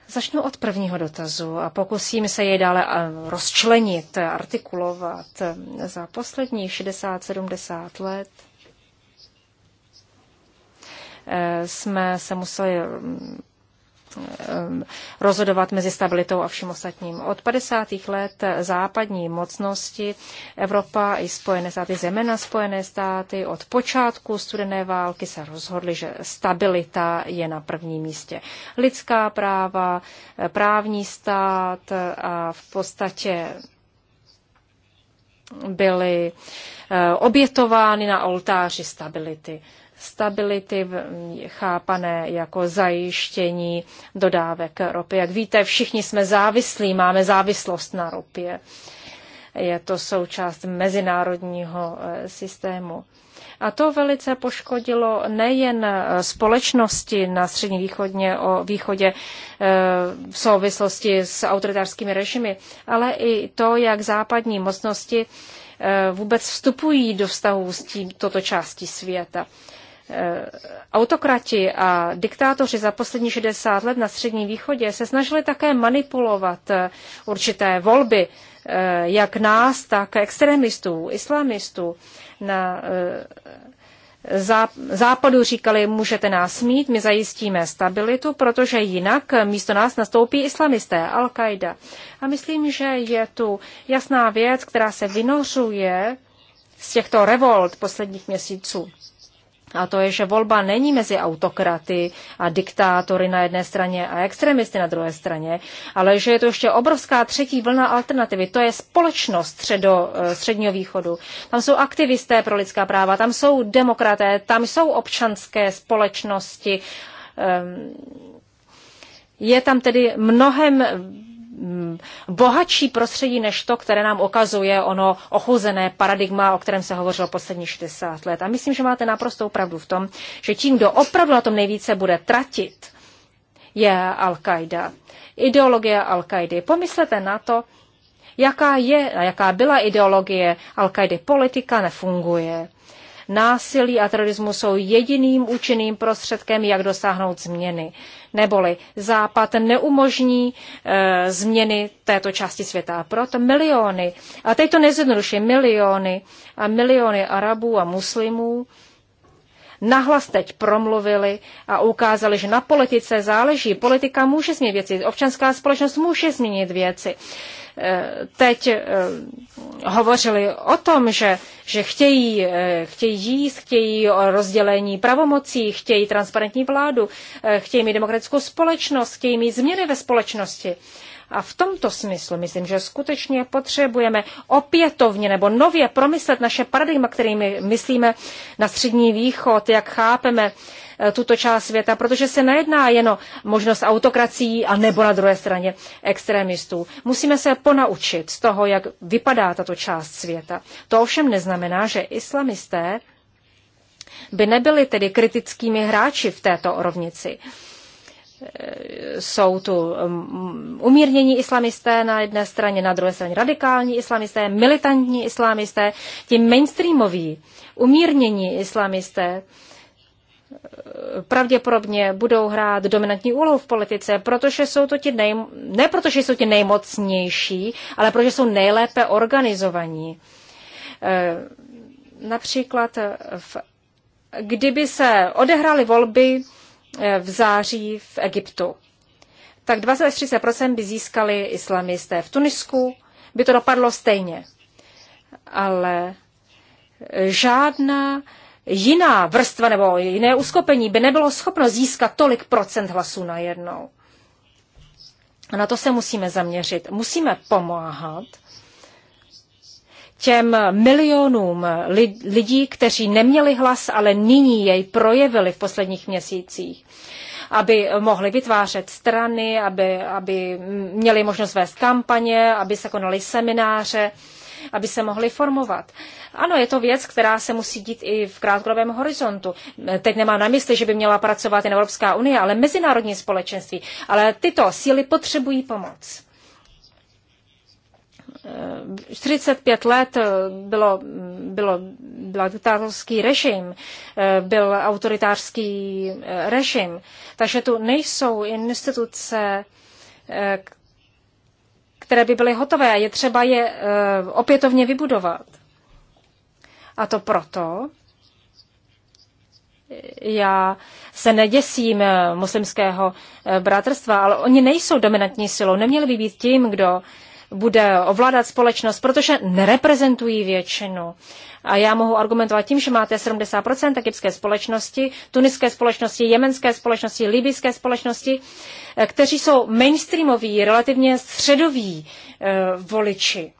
Začnu od prvního dotazu a pokusím se jej dále eh, rozčlenit, artikulovat. Za poslední 60-70 let eh, jsme se museli mm, Eh, rozhodovat mezi stabilitou a vším ostatním. Od 50. let západní mocnosti Evropa i Spojené státy, zemena Spojené státy, od počátku studené války se rozhodly, že stabilita je na prvním místě. Lidská práva, eh, právní stát eh, a v podstatě byly obětovány na oltáři stability stability chápané jako zajištění dodávek ropy. Jak víte, všichni jsme závislí, máme závislost na ropě. Je to součást mezinárodního eh, systému. A to velice poškodilo nejen eh, společnosti na střední východně, o východě eh, v souvislosti s autoritářskými režimy, ale i to, jak západní mocnosti vůbec vstupují do vztahu s tímto částí světa. Eh, autokrati a diktátoři za poslední 60 let na Středním východě se snažili také manipulovat eh, určité volby, eh, jak nás, tak extremistů, islamistů. Na západu říkali, můžete nás mít, my zajistíme stabilitu, protože jinak místo nás nastoupí islamisté, Al-Qaida. A myslím, že je tu jasná věc, která se vynořuje z těchto revolt posledních měsíců a to je, že volba není mezi autokraty a diktátory na jedné straně a extremisty na druhé straně, ale že je to ještě obrovská třetí vlna alternativy. To je společnost středo, eh, středního východu. Tam jsou aktivisté pro lidská práva, tam jsou demokraté, tam jsou občanské společnosti. Ehm, je tam tedy mnohem Mm, bohatší prostředí než to, které nám okazuje ono ochuzené paradigma, o kterém se hovořilo poslední 60 let. A myslím, že máte naprostou pravdu v tom, že tím, kdo opravdu na tom nejvíce bude tratit, je Al-Qaida. Ideologie Al-Qaidy. Pomyslete na to, jaká je jaká byla ideologie Al-Qaidy. Politika nefunguje násilí a terorismus jsou jediným účinným prostředkem, jak dosáhnout změny. Neboli Západ neumožní e, změny této části světa. Proto miliony, a teď to nezjednoduším, miliony a miliony Arabů a muslimů nahlas teď promluvili a ukázali, že na politice záleží. Politika může změnit věci, občanská společnost může změnit věci. E, Eh, teď eh, hovořili o tom, že, že chtějí, eh, chtějí jíst, chtějí o rozdělení pravomocí, chtějí transparentní vládu, chtějí mít demokratickou společnost, chtějí mít změny ve společnosti. A v tomto smyslu myslím, že skutečně potřebujeme opětovně nebo nově promyslet naše paradigma, kterými myslíme na Střední východ, jak chápeme Eh, tuto část světa, protože se nejedná jen o možnost autokracií a nebo na druhé straně extremistů. Musíme se ponaučit z toho, jak vypadá tato část světa. To ovšem neznamená, že islamisté by nebyli tedy kritickými hráči v této rovnici eh, jsou tu mm, umírnění islamisté na jedné straně, na druhé straně radikální islamisté, militantní islamisté, ti mainstreamoví umírnění islamisté, pravděpodobně budou hrát dominantní úlohu v politice, protože jsou to ti nej, ne protože jsou ti nejmocnější, ale protože jsou nejlépe organizovaní. Eh, například v, kdyby se odehrály volby eh, v září v Egyptu, tak 20 30 by získali islamisté. V Tunisku by to dopadlo stejně. Ale žádná jiná vrstva nebo jiné uskopení by nebylo schopno získat tolik procent hlasů najednou. A na to se musíme zaměřit. Musíme pomáhat těm milionům lidí, kteří neměli hlas, ale nyní jej projevili v posledních měsících aby mohli vytvářet strany, aby, aby měli možnost vést kampaně, aby se konaly semináře, aby se mohly formovat. Ano, je to věc, která se musí dít i v krátkodobém horizontu. Teď nemá na mysli, že by měla pracovat jen Evropská unie, ale mezinárodní společenství. Ale tyto síly potřebují pomoc. 45 let bylo, bylo, byl diktátorský režim, byl autoritářský režim, takže tu nejsou instituce, které by byly hotové. Je třeba je eh, opětovně vybudovat. A to proto, já se neděsím eh, muslimského eh, bratrstva, ale oni nejsou dominantní silou. Neměli by být tím, kdo bude ovládat společnost, protože nereprezentují většinu. A já mohu argumentovat tím, že máte 70% egyptské společnosti, tuniské společnosti, jemenské společnosti, libyské společnosti, eh, kteří jsou mainstreamoví, relativně středoví eh, voliči.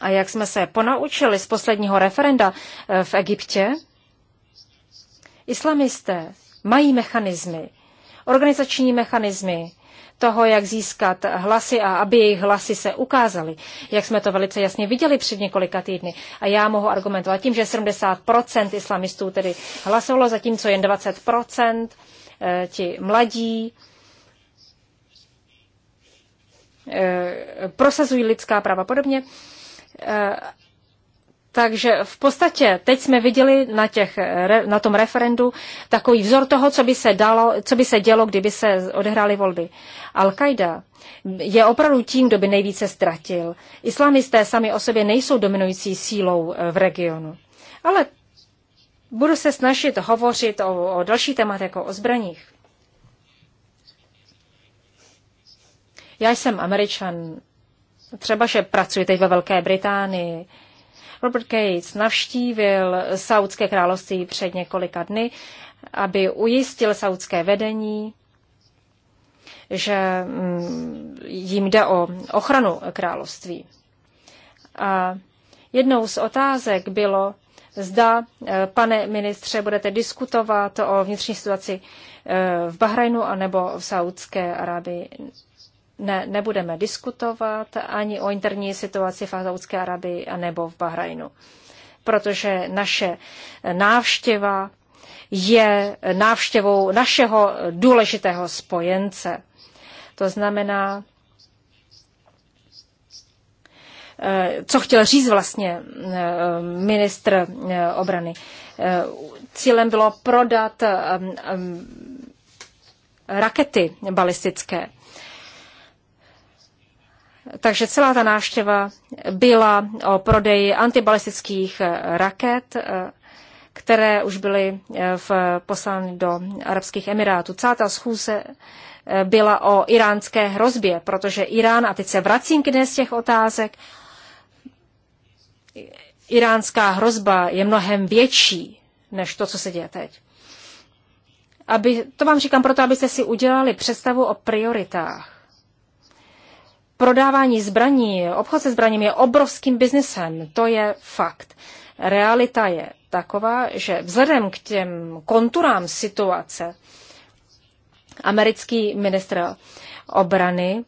A jak jsme se ponaučili z posledního referenda eh, v Egyptě, islamisté mají mechanismy, organizační mechanismy, toho, jak získat hlasy a aby jejich hlasy se ukázaly, jak jsme to velice jasně viděli před několika týdny. A já mohu argumentovat tím, že 70% islamistů tedy hlasovalo, zatímco jen 20% eh, ti mladí eh, prosazují lidská práva podobně. Eh, takže v podstatě teď jsme viděli na, těch, na tom referendu takový vzor toho, co by, se dalo, co by se dělo, kdyby se odehrály volby. Al-Qaida je opravdu tím, kdo by nejvíce ztratil. Islamisté sami o sobě nejsou dominující sílou eh, v regionu. Ale budu se snažit hovořit o, o další témat jako o zbraních. Já jsem američan. Třeba, že pracuji teď ve Velké Británii Robert Gates navštívil Saudské království před několika dny, aby ujistil saudské vedení, že mm, jim jde o ochranu království. A jednou z otázek bylo, zda, eh, pane ministře, budete diskutovat o vnitřní situaci eh, v Bahrajnu anebo v Saudské Arábii ne, nebudeme diskutovat ani o interní situaci v Saudské Arabii nebo v Bahrajnu, protože naše návštěva je návštěvou našeho důležitého spojence. To znamená, eh, co chtěl říct vlastně eh, ministr eh, obrany. Cílem bylo prodat rakety balistické. Takže celá ta náštěva byla o prodeji antibalistických raket, eh, které už byly eh, v, poslány do Arabských Emirátů. Celá ta schůze eh, byla o iránské hrozbě, protože Irán, a teď se vracím k dnes z těch otázek, iránská hrozba je mnohem větší než to, co se děje teď. Aby, to vám říkám proto, abyste si udělali představu o prioritách prodávání zbraní, obchod se zbraněmi je obrovským biznesem. To je fakt. Realita je taková, že vzhledem k těm konturám situace, americký ministr obrany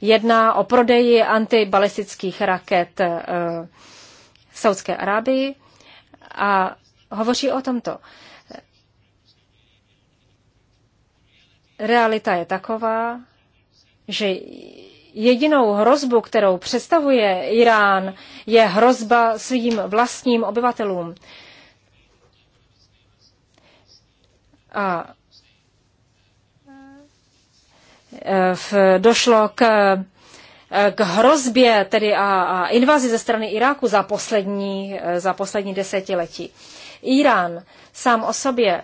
jedná o prodeji antibalistických raket v eh, Saudské Arábii a hovoří o tomto. Realita je taková, že Jedinou hrozbu, kterou představuje Irán, je hrozba svým vlastním obyvatelům. A e, v, došlo k, e, k hrozbě tedy a, a invazi ze strany Iráku za poslední, e, za poslední desetiletí. Irán sám o sobě,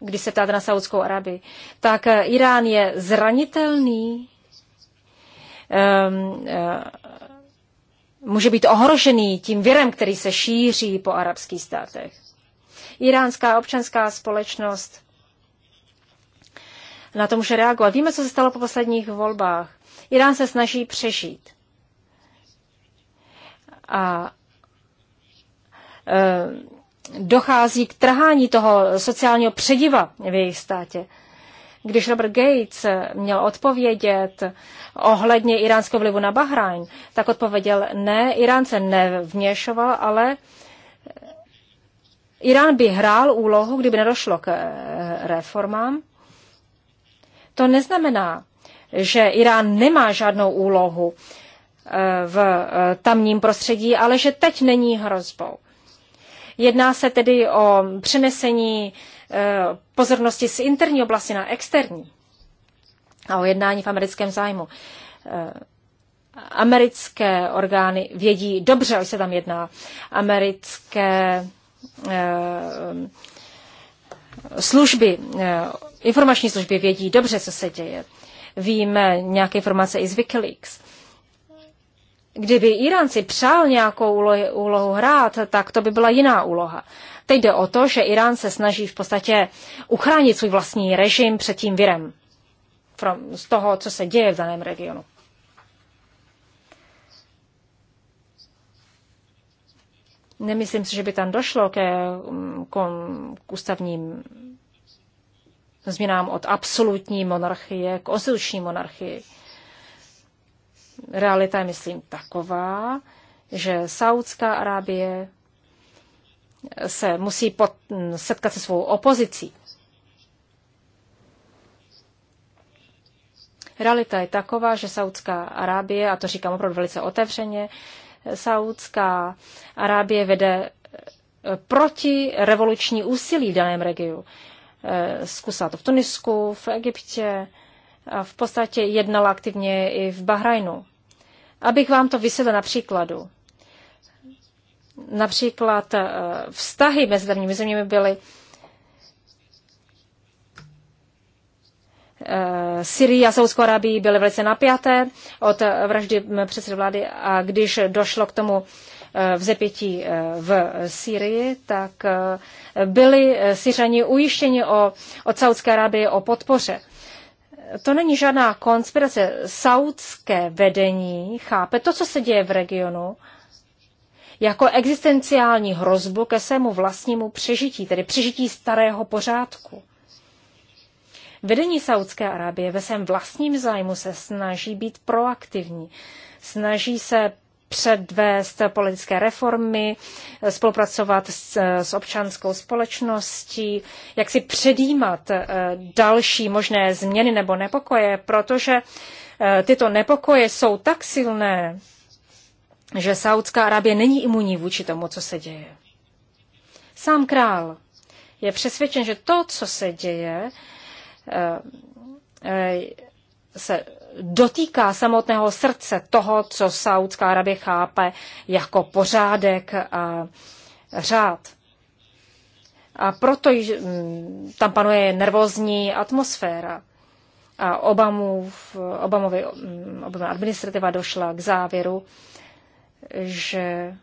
když se ptáte na Saudskou Arabii, tak Irán je zranitelný Ehm, eh, může být ohrožený tím virem, který se šíří po arabských státech. Iránská občanská společnost na to může reagovat. Víme, co se stalo po posledních volbách. Irán se snaží přežít. A uh, dochází k trhání toho sociálního přediva v jejich státě. Když Robert Gates měl odpovědět ohledně iránského vlivu na Bahrajn, tak odpověděl ne, Irán se nevměšoval, ale Irán by hrál úlohu, kdyby nedošlo k eh, reformám. To neznamená, že Irán nemá žádnou úlohu eh, v eh, tamním prostředí, ale že teď není hrozbou. Jedná se tedy o přenesení Eh, pozornosti z interní oblasti na externí a o jednání v americkém zájmu. Eh, americké orgány vědí dobře, o se tam jedná. Americké eh, služby, informační služby vědí dobře, co se děje. Víme nějaké informace i z Wikileaks kdyby Irán si přál nějakou úlohu, úlohu hrát, tak to by byla jiná úloha. Teď jde o to, že Irán se snaží v podstatě uchránit svůj vlastní režim před tím virem from, z toho, co se děje v daném regionu. Nemyslím si, že by tam došlo ke, k, k ústavním změnám od absolutní monarchie k konstituční monarchii realita je, myslím, taková, že Saudská Arábie se musí pot, setkat se svou opozicí. Realita je taková, že Saudská Arábie, a to říkám opravdu velice otevřeně, Saudská Arábie vede eh, proti revoluční úsilí v daném regionu. Eh, zkusila to v Tunisku, v Egyptě, a v podstatě jednala aktivně i v Bahrajnu. Abych vám to vysvětlil na příkladu. Například eh, vztahy mezi zemními zeměmi byly eh, Syrii a Saudskou Arabii byly velice napjaté od eh, vraždy hm, předsedy vlády a když došlo k tomu vzepětí v Syrii, tak byli Syřani ujištěni o, od Saudské Arabie o podpoře to není žádná konspirace. Saudské vedení chápe to, co se děje v regionu, jako existenciální hrozbu ke svému vlastnímu přežití, tedy přežití starého pořádku. Vedení Saudské Arábie ve svém vlastním zájmu se snaží být proaktivní, snaží se předvést politické reformy, spolupracovat s, s občanskou společností, jak si předjímat eh, další možné změny nebo nepokoje, protože eh, tyto nepokoje jsou tak silné, že Saudská Arábie není imunní vůči tomu, co se děje. Sám král je přesvědčen, že to, co se děje, eh, se dotýká samotného srdce toho, co Saudská Arabie chápe jako pořádek a řád. A proto mm, tam panuje nervózní atmosféra. A Obamův, Obamovi, mm, Obama administrativa došla k závěru, že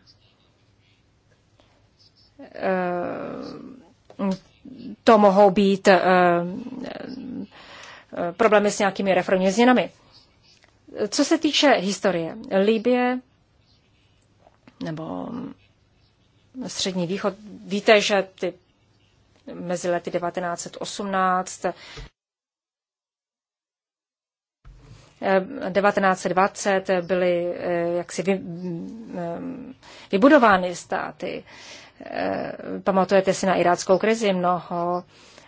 eh, to mohou být eh, Eh, problémy s nějakými reformními změnami. Co se týče historie, Libie nebo Střední východ, víte, že ty mezi lety 1918 1920 eh, byly eh, jaksi vy, vybudovány státy. Pamatujete si na iráckou krizi mnoho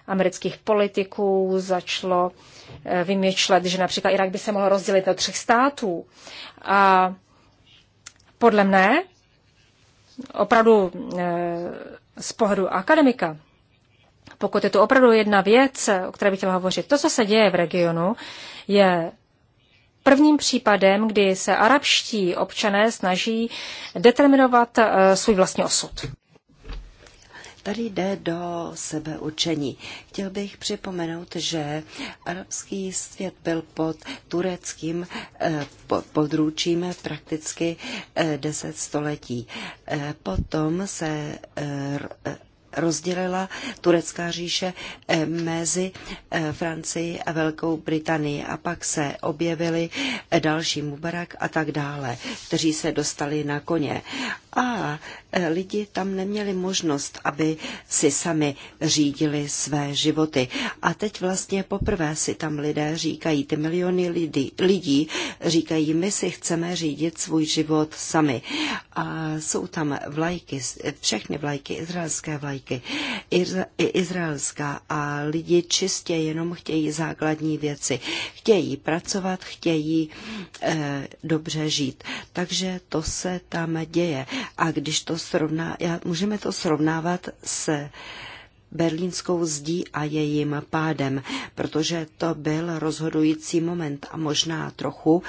amerických politiků začalo eh, vymýšlet, že například Irak by se mohl rozdělit do třech států. A podle mne, opravdu eh, z pohledu akademika, pokud je to opravdu jedna věc, o které bych chtěla hovořit, to, co se děje v regionu, je prvním případem, kdy se arabští občané snaží determinovat eh, svůj vlastní osud. Tady jde do sebeučení. Chtěl bych připomenout, že arabský svět byl pod tureckým eh, područím prakticky eh, deset století. Eh, potom se rozdělila turecká říše mezi Francii a Velkou Británii a pak se objevili další Mubarak a tak dále, kteří se dostali na koně. A Eh, lidi tam neměli možnost, aby si sami řídili své životy. A teď vlastně poprvé si tam lidé říkají, ty miliony lidí, lidí říkají, my si chceme řídit svůj život sami. A jsou tam vlajky, všechny vlajky, izraelské vlajky, izraelská a lidi čistě jenom chtějí základní věci. Chtějí pracovat, chtějí eh, dobře žít. Takže to se tam děje. A když to srovná, můžeme to srovnávat s berlínskou zdí a jejím pádem, protože to byl rozhodující moment a možná trochu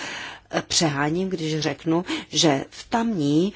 eh, přeháním, když řeknu, že v tamní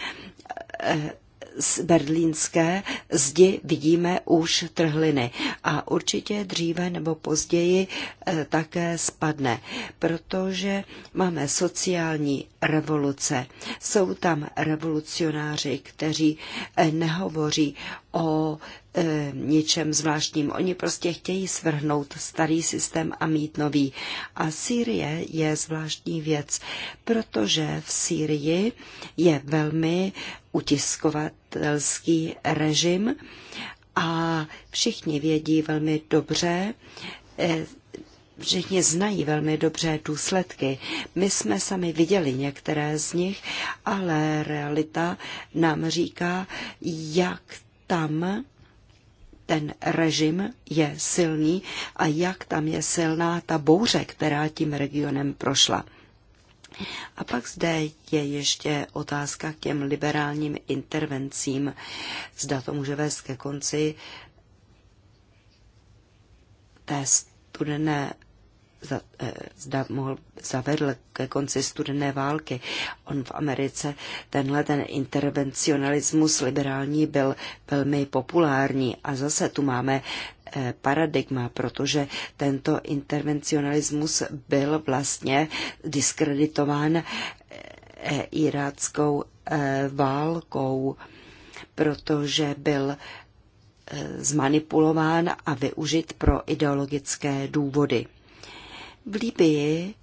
eh, z berlínské zdi vidíme už trhliny a určitě dříve nebo později eh, také spadne, protože máme sociální revoluce. Jsou tam revolucionáři, kteří eh, nehovoří o e, něčem zvláštním. Oni prostě chtějí svrhnout starý systém a mít nový. A Sýrie je zvláštní věc, protože v Sýrii je velmi utiskovatelský režim a všichni vědí velmi dobře, e, všichni znají velmi dobře důsledky. My jsme sami viděli některé z nich, ale realita nám říká, jak tam ten režim je silný a jak tam je silná ta bouře, která tím regionem prošla. A pak zde je ještě otázka k těm liberálním intervencím. Zda to může vést ke konci té studené za, eh, zda mohl zavedl ke konci studené války. On v Americe, tenhle ten intervencionalismus liberální byl velmi populární a zase tu máme eh, paradigma, protože tento intervencionalismus byl vlastně diskreditován eh, eh iráckou eh, válkou, protože byl eh, zmanipulován a využit pro ideologické důvody. V Libii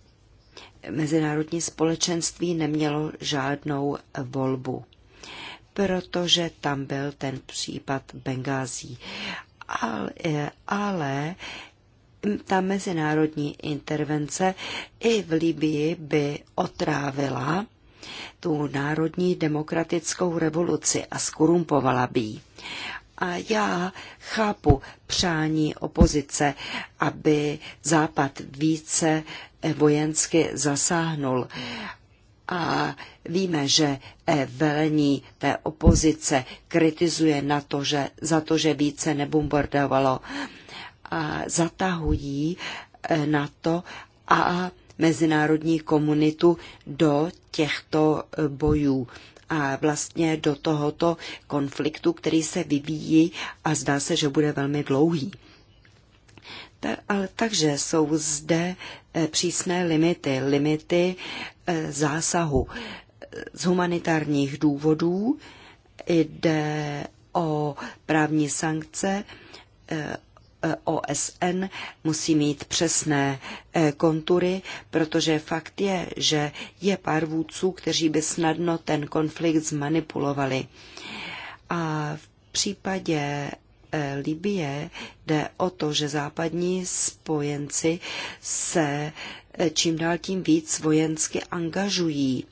mezinárodní společenství nemělo žádnou volbu, protože tam byl ten případ Bengází. Ale, ale ta mezinárodní intervence i v Libii by otrávila tu národní demokratickou revoluci a skorumpovala by ji. A já chápu přání opozice, aby Západ více vojensky zasáhnul. A víme, že e, velení té opozice kritizuje na to, že, za to, že více nebombardovalo. A zatahují e, na to a mezinárodní komunitu do těchto e, bojů a vlastně do tohoto konfliktu, který se vyvíjí a zdá se, že bude velmi dlouhý. Ta, ale takže jsou zde eh, přísné limity, limity eh, zásahu eh, z humanitárních důvodů, jde o právní sankce, OSN musí mít přesné eh, kontury, protože fakt je, že je pár vůdců, kteří by snadno ten konflikt zmanipulovali. A v případě eh, Libie jde o to, že západní spojenci se eh, čím dál tím víc vojensky angažují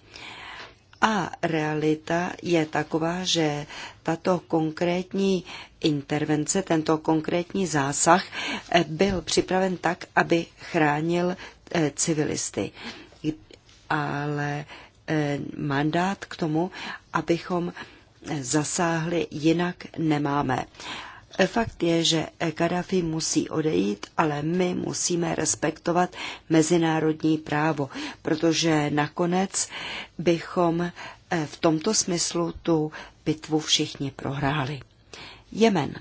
a realita je taková, že tato konkrétní intervence, tento konkrétní zásah eh, byl připraven tak, aby chránil eh, civilisty. Ale eh, mandát k tomu, abychom zasáhli, jinak nemáme. Fakt je, že Gaddafi musí odejít, ale my musíme respektovat mezinárodní právo, protože nakonec bychom eh, v tomto smyslu tu bitvu všichni prohráli. Jemen.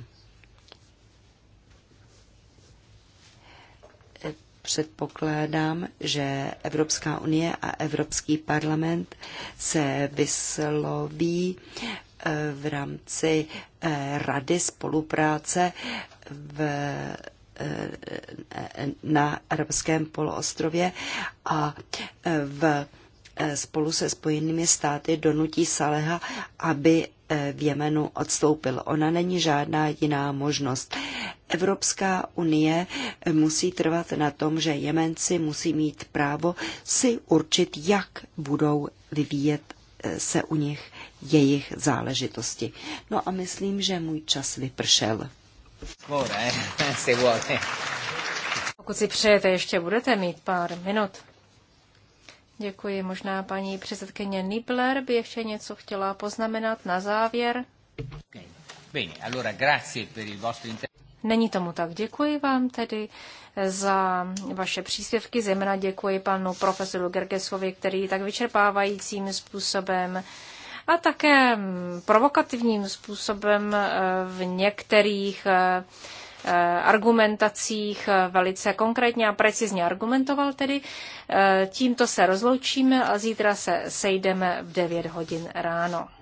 Předpokládám, že Evropská unie a Evropský parlament se vysloví v rámci eh, Rady spolupráce v, eh, na Arabském poloostrově a eh, v spolu se spojenými státy donutí Saleha, aby v Jemenu odstoupil. Ona není žádná jiná možnost. Evropská unie musí trvat na tom, že Jemenci musí mít právo si určit, jak budou vyvíjet se u nich jejich záležitosti. No a myslím, že můj čas vypršel. Eh, *laughs* Pokud si přejete, ještě budete mít pár minut. Děkuji. Možná paní předsedkyně Nibler by ještě něco chtěla poznamenat na závěr. Není tomu tak. Děkuji vám tedy za vaše příspěvky. Zejména děkuji panu profesoru Gergesovi, který tak vyčerpávajícím způsobem a také provokativním způsobem eh, v některých eh, eh, argumentacích velice konkrétně a precizně argumentoval tedy. Tímto se rozloučíme a zítra se sejdeme v 9 hodin ráno.